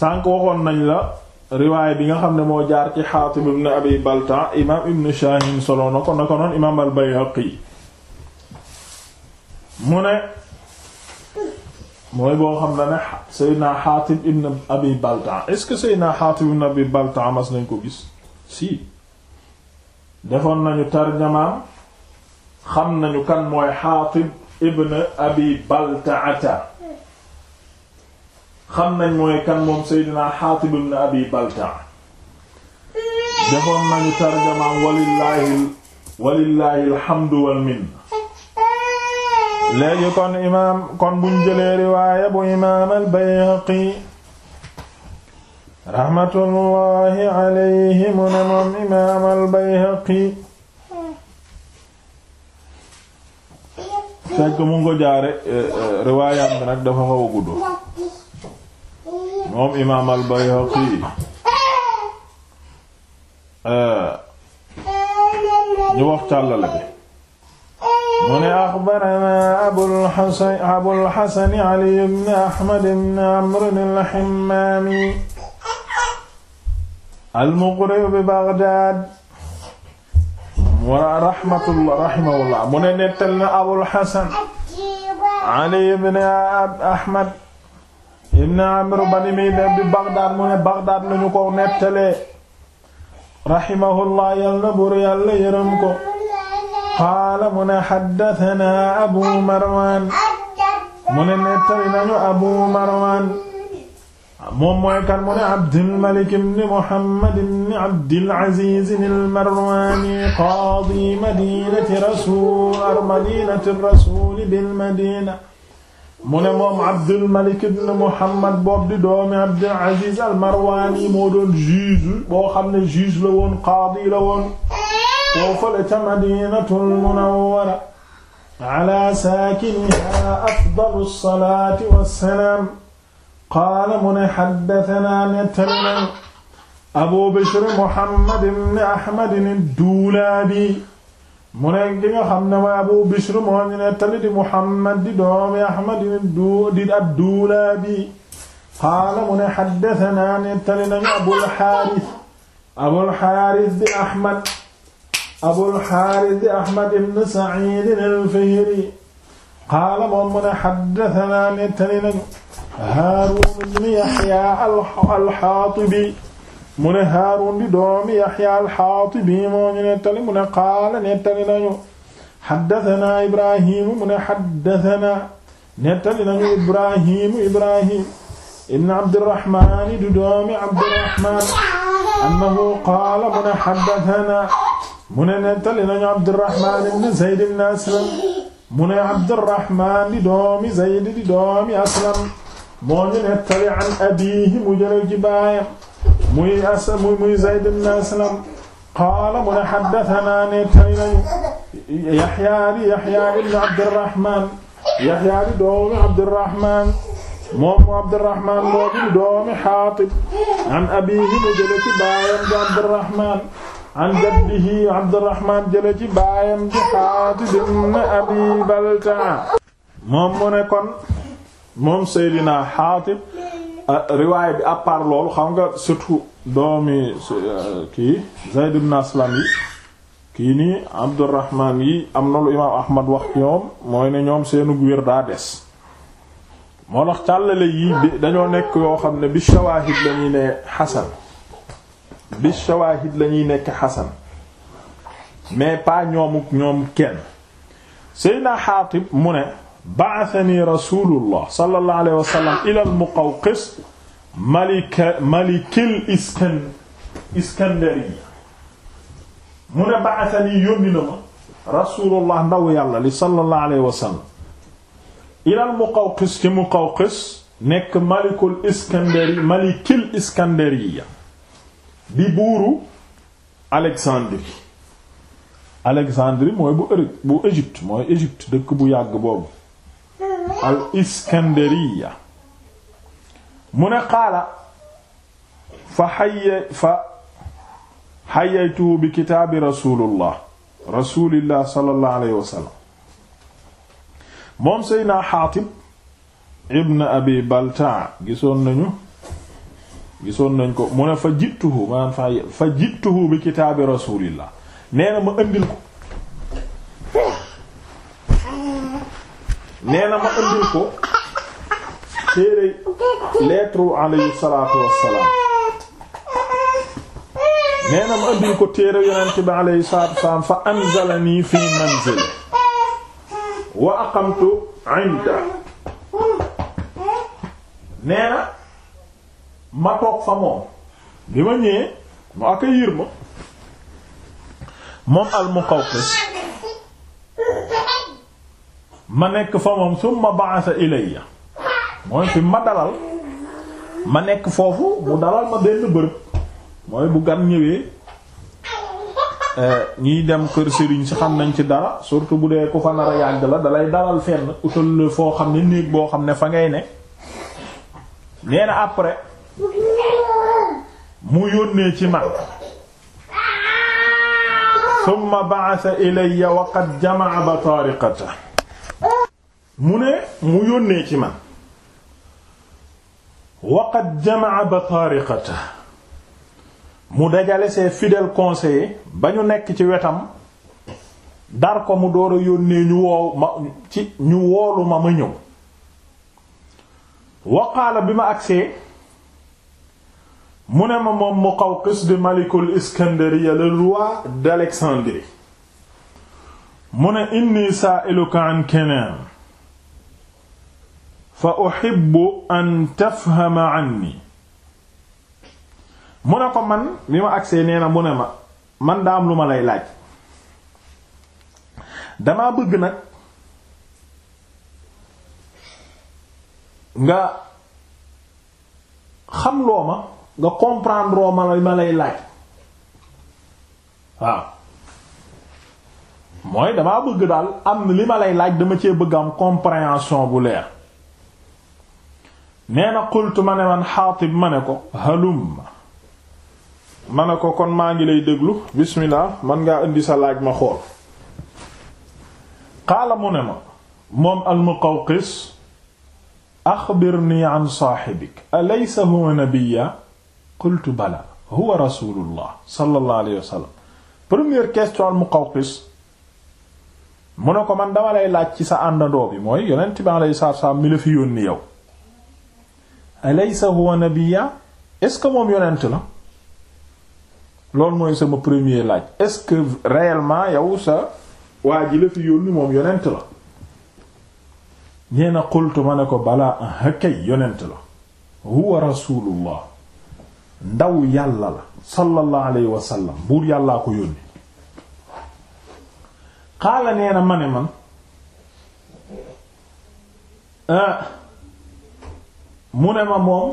sànq waxoon nañ la riwaay bi nga xam ne moo jaar ci Xaatib ibn Abi Baltaa imaam Ibn Shaahin solo na ko na ko noon imaam al-Bayhaqi mu ne mooy boo xam ne ne Seydina Xaatib ibn Abi Baltaa est-ce que Seydina Xaatib ibn Abi Baltaa mas nañ ko gis defoon nañu tarjamaam xam nañu kan mooy Xaatib ibn Abi Baltaata xam nañ mooy kan moom Seydina Xaatib ibn Abi Baltaa defoon nañu tarjamaam walillaahi walillaahi alhamdu wal minna léegi kon imaam kon buñ jëlee riwaaya bu imaam al-Bayhaqi raxmatullaahi alayhi mu ne moom imaam al-Bayhaqi fekk mu ngi ko jaare eh, eh, riwaayam bi nag dafa xaw a gudd moom imaam al-Bayhaqi eh, ñu wax càllale bi mu ne axbarana Abul Hasan Ali ibn Ahmad ibn Amr al-Hammaami al-Muqri bi Baghdad wa rahmatullah rahimahullah mu ne nettal na Abul Hasan Ali ibn Ahmad ibn amru ba ni muy dem bi Bagdad mu ne Bagdad lañu ko nettalee rahimahullah yal na buur yàlla yërëm ko qaala mu ne xaddatanaa abu marwan mu ne nettali nañu abu marwan moom mooy kan mu ne abdulmalik ibn muhammad ibn abdulaziz almarwani qaadi madinati rasul ar madinati rasuli bilmadina mu ne moom Abdul Malik ibn Muhammad boobu di doomi Abdul Aziz al-Marwani moo doon juge boo xam ne juge la woon qaadi la woon foofale ca Madinatul Munawwara ala saakinihaa afdalu salaati wassalaam qaala mu ne haddathanaa nettali Abu Bishr Muhammad ibn Ahmad ad-Duulaabi mu ne di nga xam ne mooy Abu Bishr moo ñu nettali di Muhammad di doomi Ahmad di ad-Duulaabi qaala mu ne haddathanaa nettali nañu Abul Haaris Abul Haaris di Ahmad Abul Haaris di Ahmad ibn Sa'iid al-Fihri qaala moom mu ne haddathanaa nettali nañu Haaruun ibn Yahyaa al-Haatibi mu ne Haarun di doomi Yaxya al-Xaatibi moo ñu nettali mu ne qaala nettali nañu xaddatanaa Ibraahimu mu ne xaddatanaa nettali nañu Ibraahimu Ibraahimu ibn Abdirahmaan di doomi Abdirahmaan annahu qaala mu ne xaddatanaa mu ne nettali nañu Abdirahmaan ibn Zayd ibn Aslam mu ne Abdirahmaan di doomi Zayd di doomi Aslam moo ñu nettali an abiihi mu jële ci baayam muy asa muy Zayd ibn Aslam qaala mu ne haddathanaa nettali nañu Yaxyaa di Yaxyaa ibn Abdurrahmaan Yaxyaa di doomi Abdurrahmaan moom mu Abdurrahmaan moo di doomi Xaatib an abiihi mu jële ci baayam di Abdurrahmaan an jaddihi Abdurrahmaan jële ci baayam di Xaatib ibn Abii Baltaa moom mu ne kon moom Seydina Xaatib Euh, riwaay bi à part loolu xam nga surtout doomi euh, kii Zayd ibn yi kii nii Abdurrahman yi am na lu imaam Ahmad wax ci ñoom mooy ne ñoom seenu wér daa des moo tax càllale yi dañoo nekk yoo xam ne bi shawaahid lañuy ne xasan lañuy nekk xasan mais pas ñoomuk ñoom kenn Seydina Xaatib mu ne ba'athani rasulullah sallallahu alayhi wa sallam ila al-Muqawqis malika malikil iskan iskandariya mu ne ba'athani yónni na ma rasulullah ndaw yàlla li sallallahu alayhi wa sallam ila al-Muqawqis ci Muqawqis nekk malikul iskandari malikil iskandariya di buuru Alexandrie Alexandrie mooy bu Égypte mooy Égypte dëkk bu yàgg boobu al iskandariya mu ne qaala fa xayya fa xayyaytuhu bi kitaabi rasulullah rasulillah sallallahu alayhi wa moom seydna xaatib ibn abi baltaa gisoon nañu gisoon nañ ko mu ne fa jittuhu fa fa bi kitaabi rasulillah nee na ma ëndil ko nee na ma andil ko téere lettre alayhi salaatu wassalaam nee na ma andil ko téere yonent bi alayhi salaatu wassalaam fa anzalani fi manzili wa aqamtu inda nee na ma toog fa moom bi ma ñëwee mu accueillir ma moom al Muqawqis ma nekk fa moom summa ba'atha ilayya mooy fi ma dalal ma nekk foofu mu dalal ma benn bërëb mooy bu gan ñëwee eh, ñiy dem kër sëriñ si xam nañ ci dara surtout bu dee ku fa nar yàgg la dalay dalal fenn utal la foo xam ne néeg boo xam ne fa ngay ne nee après mu yónnee ci man summa ba'atha ilayya wa qad jama'a batariqata mu ne mu yónnee ci man waqad jamaa batariqata mu dajale ses fidèles conseillers ba ñu nekk ci wetam dar ko mu door yónnee ñu woow ma ci ñu woolu ma ma ñëw waqaala bi ma agsee mu ne ma moom Muqawqis di malikul Iskandariya le roi d'Alexandrie mu ne inni sa'iluka an keneen fa uhibbu an tafhama anni mu ne ko man bi ma agsee nee na mu ne ma man daa am lu ma lay laaj damaa bëgg nag nga xam loo ma nga comprendre loo ma ma lay laaj waaw mooy damaa bëgg daal am na li ma lay laaj dama cee bëgg am compréhension bu leer nee na qultu ma ne man xaatib ma ne ko halum ma ne ko kon maa ngi lay déglu bismillah man ngaa indi sa laaj ma xool qaala mu ne ma moom almuqawqis axbirni an saaxibik alaysa huwa nabiyya qultu bala huwa rasulullah sallallahu alayhi wa sallam première question almuqawqis mu ne ko man dama lay laaj ci sa àndandoo bi mooy yonent bi alayhi salaam yow alaysa huwa nabiyya est-ce que moom yonent la loolu mooy sama premier laaj est-ce que réellement yow sa waa ji la fi yónni moom yonent la nee na qultu ma ne ko balaa hakay yonent la huwa rasulullah ndaw yàlla la sallallahu alayhi wa sallam buur yàllaa ko yónni xaala nee ma ne man ah, mu ne ma moom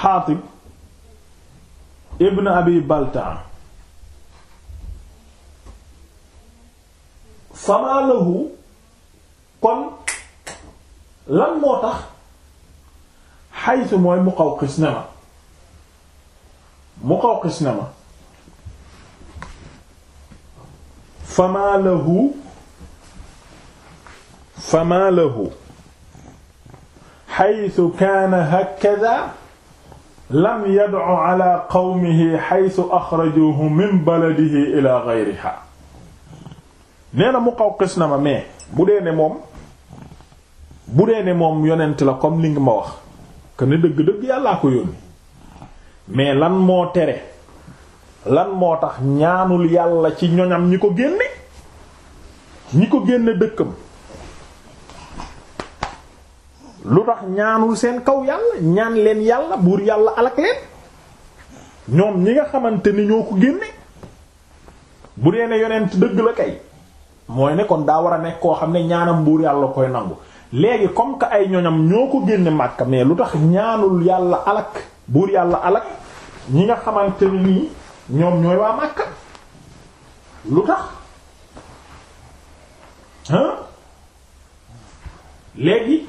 xaatib ibn abi baltaa famaa lahu kon lan moo tax xaytu mooy muqawqis ne ma muqawqis ne ma famaa lahu famaa lahu xaytu kaana hakada lam yad'u ala qawmihi xaytu axrajuhu min baladihi ila gayriha nee na Muqawqis na ma mais bu dee ne moom bu dee ne moom yonent la comme li ngi ma wax que ne dëgg-dëgg yàllaa ko yónni mais lan moo tere lan moo tax ñaanul yàlla ci ñoñam ñi ko génne ñi ko génne dëkkam lu tax ñaanul seen kaw yàlla ñaan leen yàlla buur yàlla alak leen ñoom ñi nga xamante ni ñoo ko génne bu dee ne yonent dëgg la kay mooy ne kon daa war a nekk koo xam ne ñaanam buur yàlla koy nangu léegi comme que ay ñoñam ñoo ko génne màkk mais lu tax ñaanul yàlla alak buur yàlla alak ñi nga xamante ni nii ñoom ñooy waa Makka lu tax hein léegi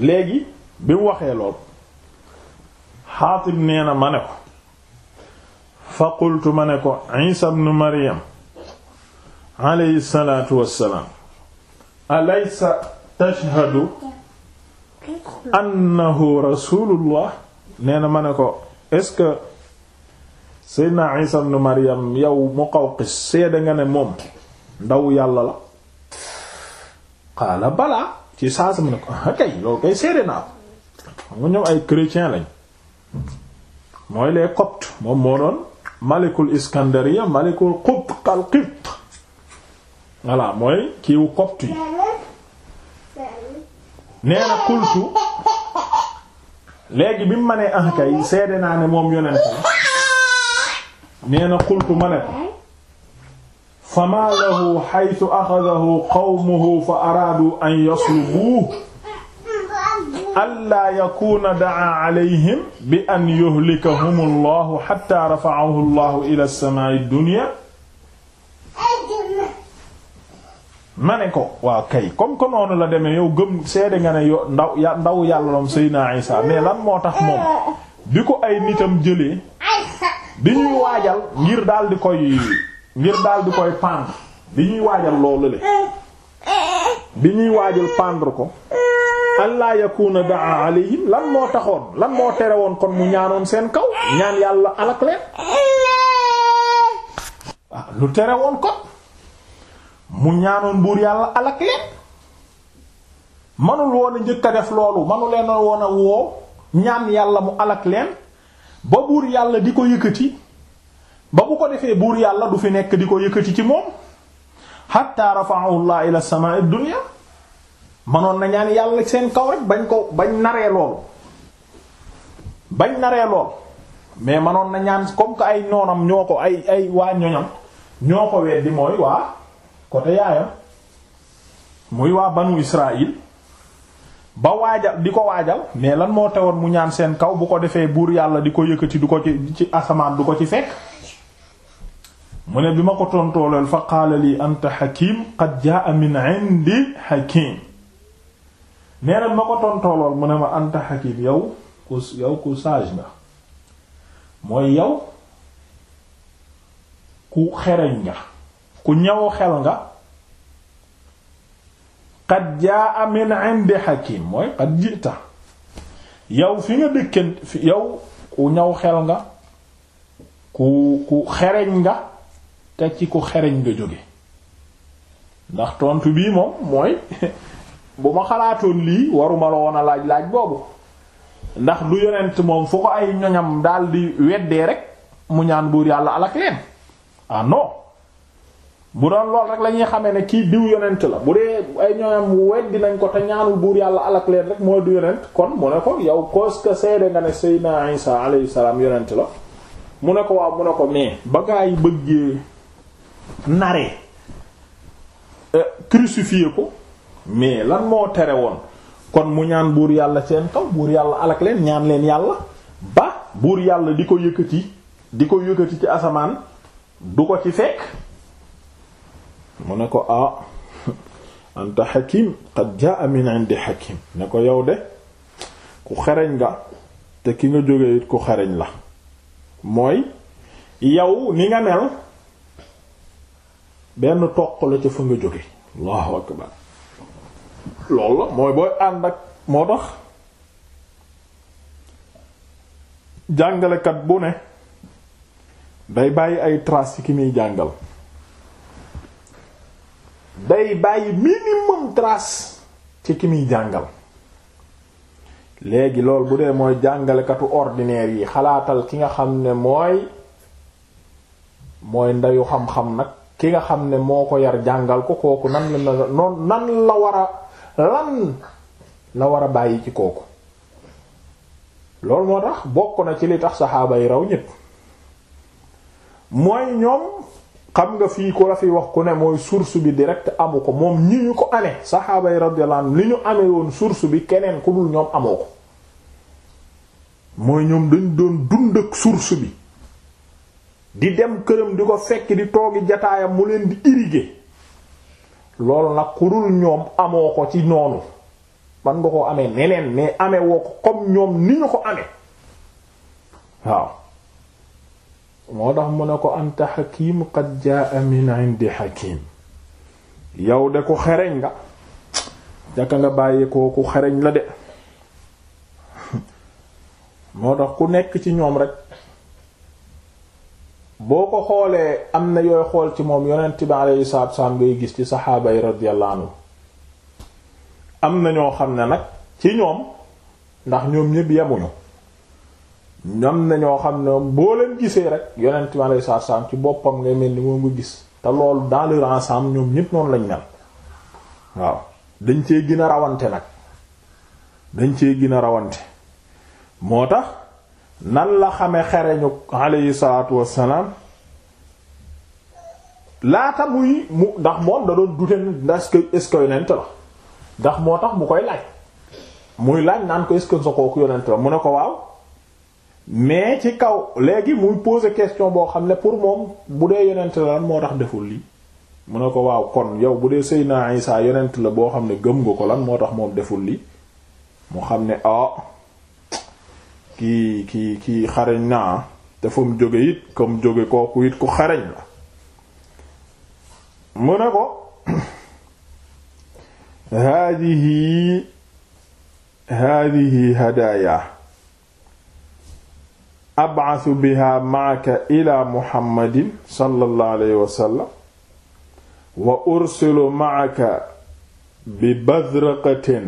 léegi bi mu waxee lool Xaatib nee na ma ne ko fa qultu ma ne ko Isa ibn Maryam alayhi salaatu wassalaam alaysa tashhadu annahu rasulullah nee na ma ne ko est-ce que Seydina Isa ibn Maryam yow Muqawqis seede nga ne moom ndaw yàlla la qaala balaa ci saa sama ne ko ah kay loolu kay seede naa ko mu ñëw ay chrétien lañ mooy les coptes moom moo doon malikul iskandariya malikul qubt al qibt voilà mooy kiiwu copte yi nee na kultu léegi bi mu ma nee ah kay seede naa ne moom yonent la nee kultu ma ne ko famaa lahu haythu akhadahu qawmuhu fa araadu an yaslubuuhu allaa yakuuna da'aa alayhim bi an yuhlikahum allahu hattaa rafa'ahu allahu ila as-samaa'i ad ko waaw kay comme que la demee yow gëm seede nga ne ndaw ndaw yàlla moom Seydina Isaa mais lan moo tax moom bi ko ay nitam jëlee bi ngir daal koy ngir daal di koy pendre bi ñuy waajal loolu le bi ñuy waajal pendre ko allah yakuna daa alayhim lan moo taxoon lan moo tere woon kon mu ñaanoon seen kaw ñaan yàlla alak leen waaw ah, lu tere woon kon mu ñaanoon buur yàlla alak leen manul woon a njëkk a def loolu manu leen woon a woo ñaan yàlla mu alak leen ba buur yàlla di ko yëkkati ba bu ko defee buur yàlla du fi nekk di ko yëkkati ci moom hatta rafa'ahu Allah ila samaa'i dunya manoon na ñaan yàlla seen kaw rek bañ ko bañ naree lool bañ naree lool mais manoon na ñaan comme que ay noonam ñoo ko ay ay waa ñoñam ñoo ko di mooy waa côté yaayam muy waa banu Israël ba waajal di ko waajal mais lan moo tewoon mu ñaan seen kaw bu ko defee buur yàlla di ko yëkkati du ko ci ci asamaan du ko ci fekk mu ne bi ma ko tontooleel fa qaala lii anta hakim qad jaa min indi hakim nee bi ma ko tontoolool mu ne ma anta hakim yow ku yow ku sage nga mooy yow ku xereñ nga ñaw xel nga qad yow fi nga yow ku ñaw xel nga ku ku xereñ nga te ci ku xereñ nga jóge ndax tontu bii moom mooy bu ma xalaatoon lii waruma la woon a laaj laaj boobu ndax du yonent moom fu ko ay ñoñam daal di weddee rek mu ñaan buur yàlla alak leen ah non bu doon lool rek lañuy xame ne kii diw yonent la bu dee ay ñoñam weddi nañ ko te ñaanul buur yàlla alak leen rek mooy du yonent kon mu ne ko yow cause que seede nga ne Seydina Isa alayhi salaam yonent la mu ne ko waaw mu ne ko mais ba gaa yi bëggee naree euh, crucifié ko mais lan moo tere woon kon mu ñaan buur yàlla seen kaw buur yàlla alak leen ñaan leen yàlla ba buur yàlla di ko yëkkati di ko yëkkati ci asamaan du ko ci fekk mu ne ko ah anta hakim qad jaa min indi hakim ne ko yow de ku xereñ nga te ki nga jóge it ku xereñ la mooy yow ni nga mel benn toq la ca fu nga jóge allahu la mooy booy ànd ak moo tax jàngalekat bu ne day bàyyi ay traces ci ki jàngal day bàyyi minimum trace ci ki muy jàngal léegi loolu bu dee mooy jàngalekatu ordinaire yi xalaatal ki nga xam ne mooy mooy ndayu xam-xam nag ki nga xam ne moo ko yar jàngal ko kooku nan la noon nan la war a lan la war a bàyyi ci kooku loolu moo tax bokk na ci li tax saxaaba yi raw ñépp mooy ñoom xam nga fii ku la wax ku ne mooy source bi direkt amu ko moom ñi ñu ko amee saxaaba yi radiyallahu anhum li ñu amee woon source bi keneen ku dul ñoom amoo ko mooy ñoom dañ doon dund ak bi di dem këram di ko fekk di toogi jataayam mu leen di irriguer loolu nag ku dul ñoom amoo ko ci noonu man nga ko amee neneen mais amee woo ko comme ñoom ni ñu ko amee waaw moo tax mu ne ko anta hakim qad jaa min indi hakim yow de ku xereñ nga jaka nga bàyyi ko ku xereñ la de moo tax ku nekk ci ñoom rek boo ko xoolee am na yooy xool ci moom yonent bi alayhi saat salaam ngay gis ci saxaaba yi radiyallahu anhu am na ñoo xam ne nag ci ñoom ndax ñoom ñépp yemuñu am na ñoo xam ne boo leen gisee rek yonent bi alayhi salaatu salaam ci boppam ngay mel ni moom nga gis te loolu dans leur ñoom ñépp noonu lañ mel waaw dañ cee gin a rawante nag dañ cee gin a rawante moo tax nan la xame xereñu aleyhi salaatu wassalaam laata muy mu ndax moom da doon dute ndax est-ce que yonent la ndax moo tax mu koy laaj muy laaj naan ko est-ce yonent la mu ne ko waaw mais ci kaw léegi mu pose question boo xam ne pour moom bu dee yonent la lan moo tax deful lii mu ne ko waaw kon yow bu dee naa Isaa yonent la boo xam ne gëm nga ko lan moo tax moom deful lii mu xam ne ah kii kii kii xarañ naa te fu mu jóge it comme jóge kooku it ku xarañ la mu ne ko haadihi haadihi hadaaya ab'athu biha ma'aka ila muhammadin sallallahu alayhi wa sallam wa ursilu ma'aka bi badraqatin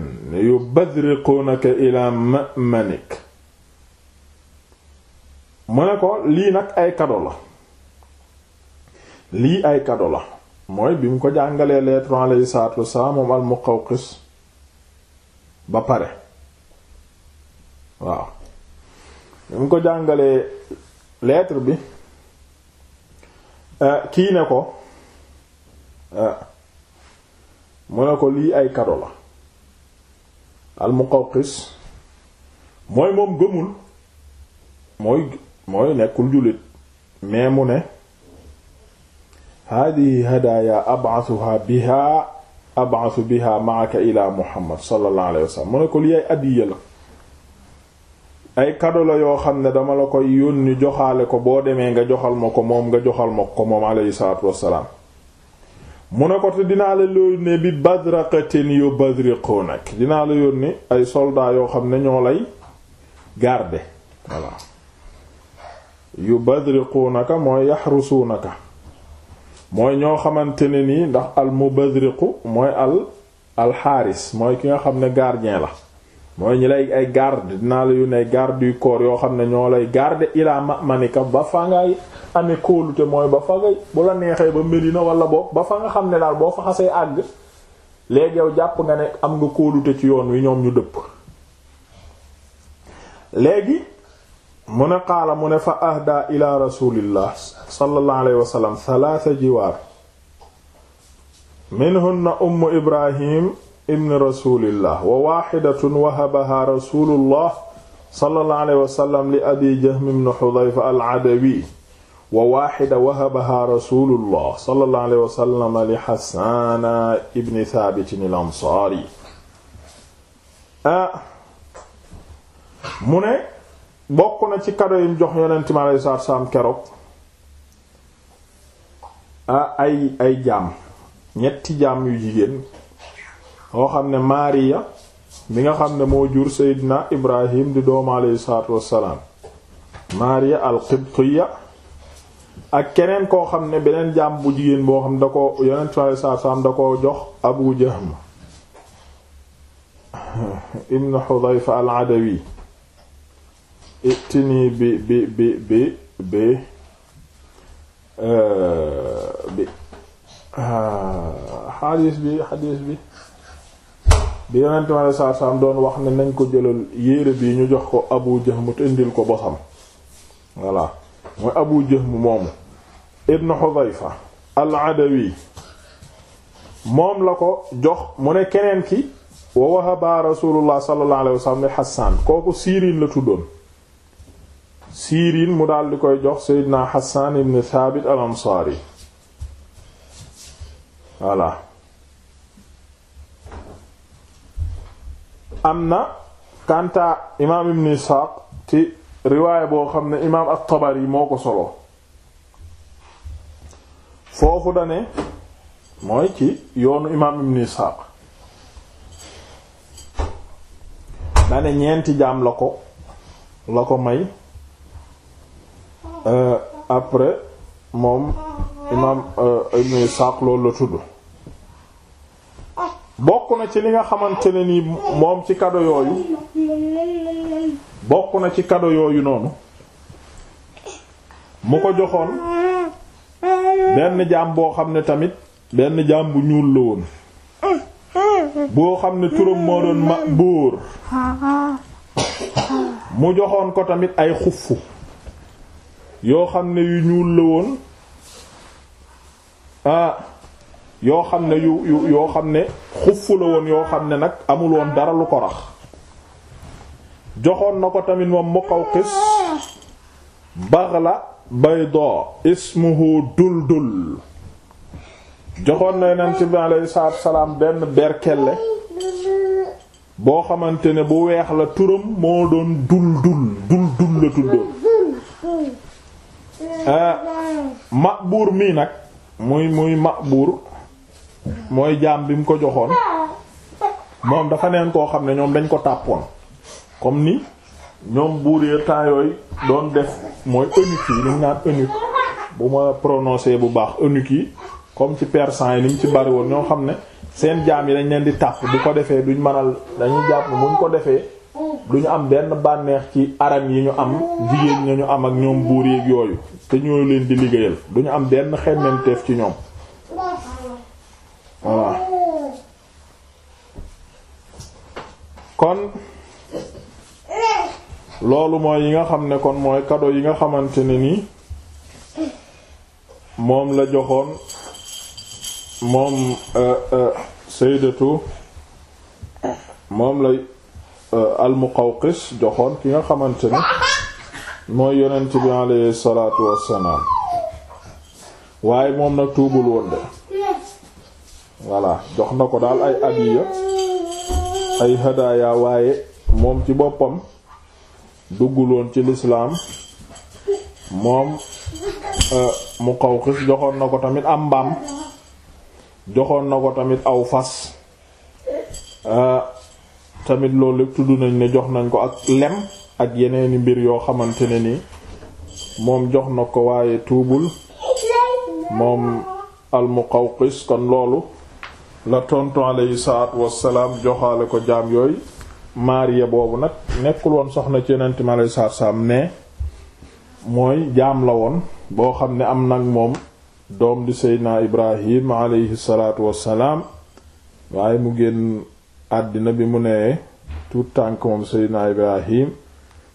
yubadriqunaka ila ma'manik mu ne ko lii nag ay cadeau la lii ay cadeau la mooy bi mu ko jàngalee lettre alayhi salaatu wassalaam moom al Muqawqis ba pare waaw bi mu ko jàngalee lettre bi eh, kii ne ko eh, mu ne ko lii ay cadeau la al Muqawqis mooy moom gëmul mooy mooy nekkul jullit mais mu ne hadihi hadaya ab'athuha biha ab'athu biha ma'aka ila muhammad sallallahu alayhi wa sallam mu ne ko li ay adiya la ay kado la yoo xam ne dama la koy yónni joxaale ko boo demee nga joxal ma ko moom nga joxal ma ko moom alayhi salaatu wassalaam mu ne ko te dinaa la yónnee bi badraqatin yu badriqoonak dinaa la yónni ay soldaar yoo xam ne ñoo lay garder voilà yu na yubadriquunaka mooy yaxrusuunaka mooy ñoo xamante ne nii ndax al mubadriqu mooy al alxaaris mooy ki nga xam ne gardien la mooy ñi lay ay garde dinaa la yu ne garde du corps yoo xam ne ñoo lay garde ilaa ma'manika ba fa ngay amee kóolute mooy ba fa ngay bu la neexee ba Medina wala boog ba fa nga xam ne daal boo fa xasee àgg léegi yow jàpp nga ne am nga kóolute ci yoon wi ñoom ñu dëpp léegi mu ne qaala mu ne fa ahda ila rasulillah sallallahu alayhi wa sallam thalaatha jiwaar minhunna ummu ibrahim ibn rasulillah wa waaxidatun wahabaha rasulullah sallallahu alayhi wa sallam li abi jahm ibn hudayfa al-adawi wa waaxida wahabaha rasulullah sallallahu alayhi wa sallam li hasana ibn thabit al-ansari ah mu ne bokk na ci kado yim jox yonent mi aleyhi salaatu salaam keroog ay ay jaam ñetti jaam yu jigéen woo xam ne Maariya mi nga xam ne moo jur Seydina Ibrahim di doomu aleyhi salaatu wassalaam Maariya al-Qibtiyya ak keneen koo xam ne beneen jaam bu jigéen boo xam da ko yonent mi aleyhi salaatu salaam da koo jox Abu Jahm ibn Hudayfa al-Adawi itini bi bi bi bi bi eh, bi xadiis ah, bi xadiis bi bi yonent mi alei doon wax ne nañ ko jëlal yére bi ñu jox ko Abu Jahm te indil ko bosam voilà mooy Abu Jahm moomu ibn fa al-Adawi moom la ko jox mu ne keneen ki wa wahaba rasulullah sallallahu alayhi wasallam Hassan kooku Sirin la tuddoon Siiriin mu daldi koy jox Seydina Hassan ibn Thabit al-Ansari voilà am na kanta imaam ibn Ishaq ci riwaaya boo xam ne imaam at-Tabari moo ko solo foofu dane mooy ci yoonu imaam ibn Ishaq dane ñeenti jaam la ko la ko may Euh, après moom imaam euh, Ibn loolu la tudd bokk na ci li nga xamante ne ni moom ci kado yooyu bokk na ci kado yooyu noonu mu ko joxoon benn jaam boo xam ne tamit benn jaam bu ñuul la woon boo xam ne turam moo doon ma buur mu joxoon ko tamit ay xuffu yoo xam ne yu ñuul la woon ah, yoo xam ne yu yoo xam ne la woon yoo xam ne nag amul woon dara lu ko rax joxoon na ko tamit moom Muqawqis baghla bayda ismuhu duldul joxoon na yonent bi alayhi salaatu salaam benn berkelle boo xamante ne bu weex la turam moo doon duldul duldul la tuddoon Eh, buur mii nag muy muy buur mooy jaam bi mu ko joxoon moom dafa neen koo xam ne ñoom dañ ko tàppoon comme ni ñoom buur yi temps yooyu doon def mooy eunuque yi niñ naan eunuque bu ma prononcé bu baax eunuque yi comme ci persant yi ni mu ci bari woon ñoo xam ne seen jaam yi dañ leen di tàpp bu ko defee duñ manal dañuy jàpp mu ko defee du ñu am benn bànneex ci aram yi ñu am jigéen ña ñu am ak ñoom buur yéeg yooyu te ñoo leen di liggéeyal du ñu am benn xemmenteef ci ñoom voilà kon loolu mooy yi nga xam ne kon mooy kado yi nga xamante ne ni moom la joxoon moom euh, euh, sayyidatu moom la Euh, al-Muqawqis joxoon ki nga xamante ne mooy yonent bi alayhi salaatu wassalaam waaye moom na tuubul woon de voilà jox na ko daal ay adiya ay hadaaya waaye moom ci boppam duggul woon ci lislaam moom euh, Muqawqis joxoon na ko tamit am mbaam joxoon na ko tamit aw fas euh, tamit loolu lépp tudd nañ ne jox nañ ko ak lem ak yeneeni mbir yoo xamante ne nii moom jox na ko waaye tuubul moom almuqawqis kon loolu la tontu alayhi salaatu wassalaam joxaale ko jaam yooyu maariya boobu nag nekkul woon soxna ci yonent mi alayhi salaatu wassalaam ne mooy jaam la woon boo xam ne am nag moom doom di seydinaa ibrahim alayhi salaatu wassalaam waaye mu génn àddina bi mu nee tout tànk moom seydina ibrahim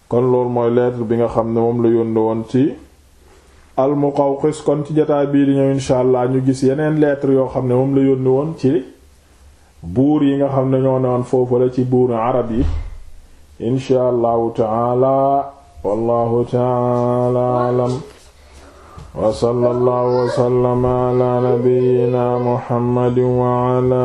kon loolu mooy lettre bi nga xam ne moom la yónni woon ci al Muqawqis kon ci jotaay bii di ñëw incha allah ñu gis yeneen lettre yoo xam ne moom la yónni woon ci buur yi nga xam ne ñoo ne woon foofu la ci buuru arab yi incha allahu taala wallahu taala alam wa sallallahu wa sallama ala nabiyyina muhammadin wa ala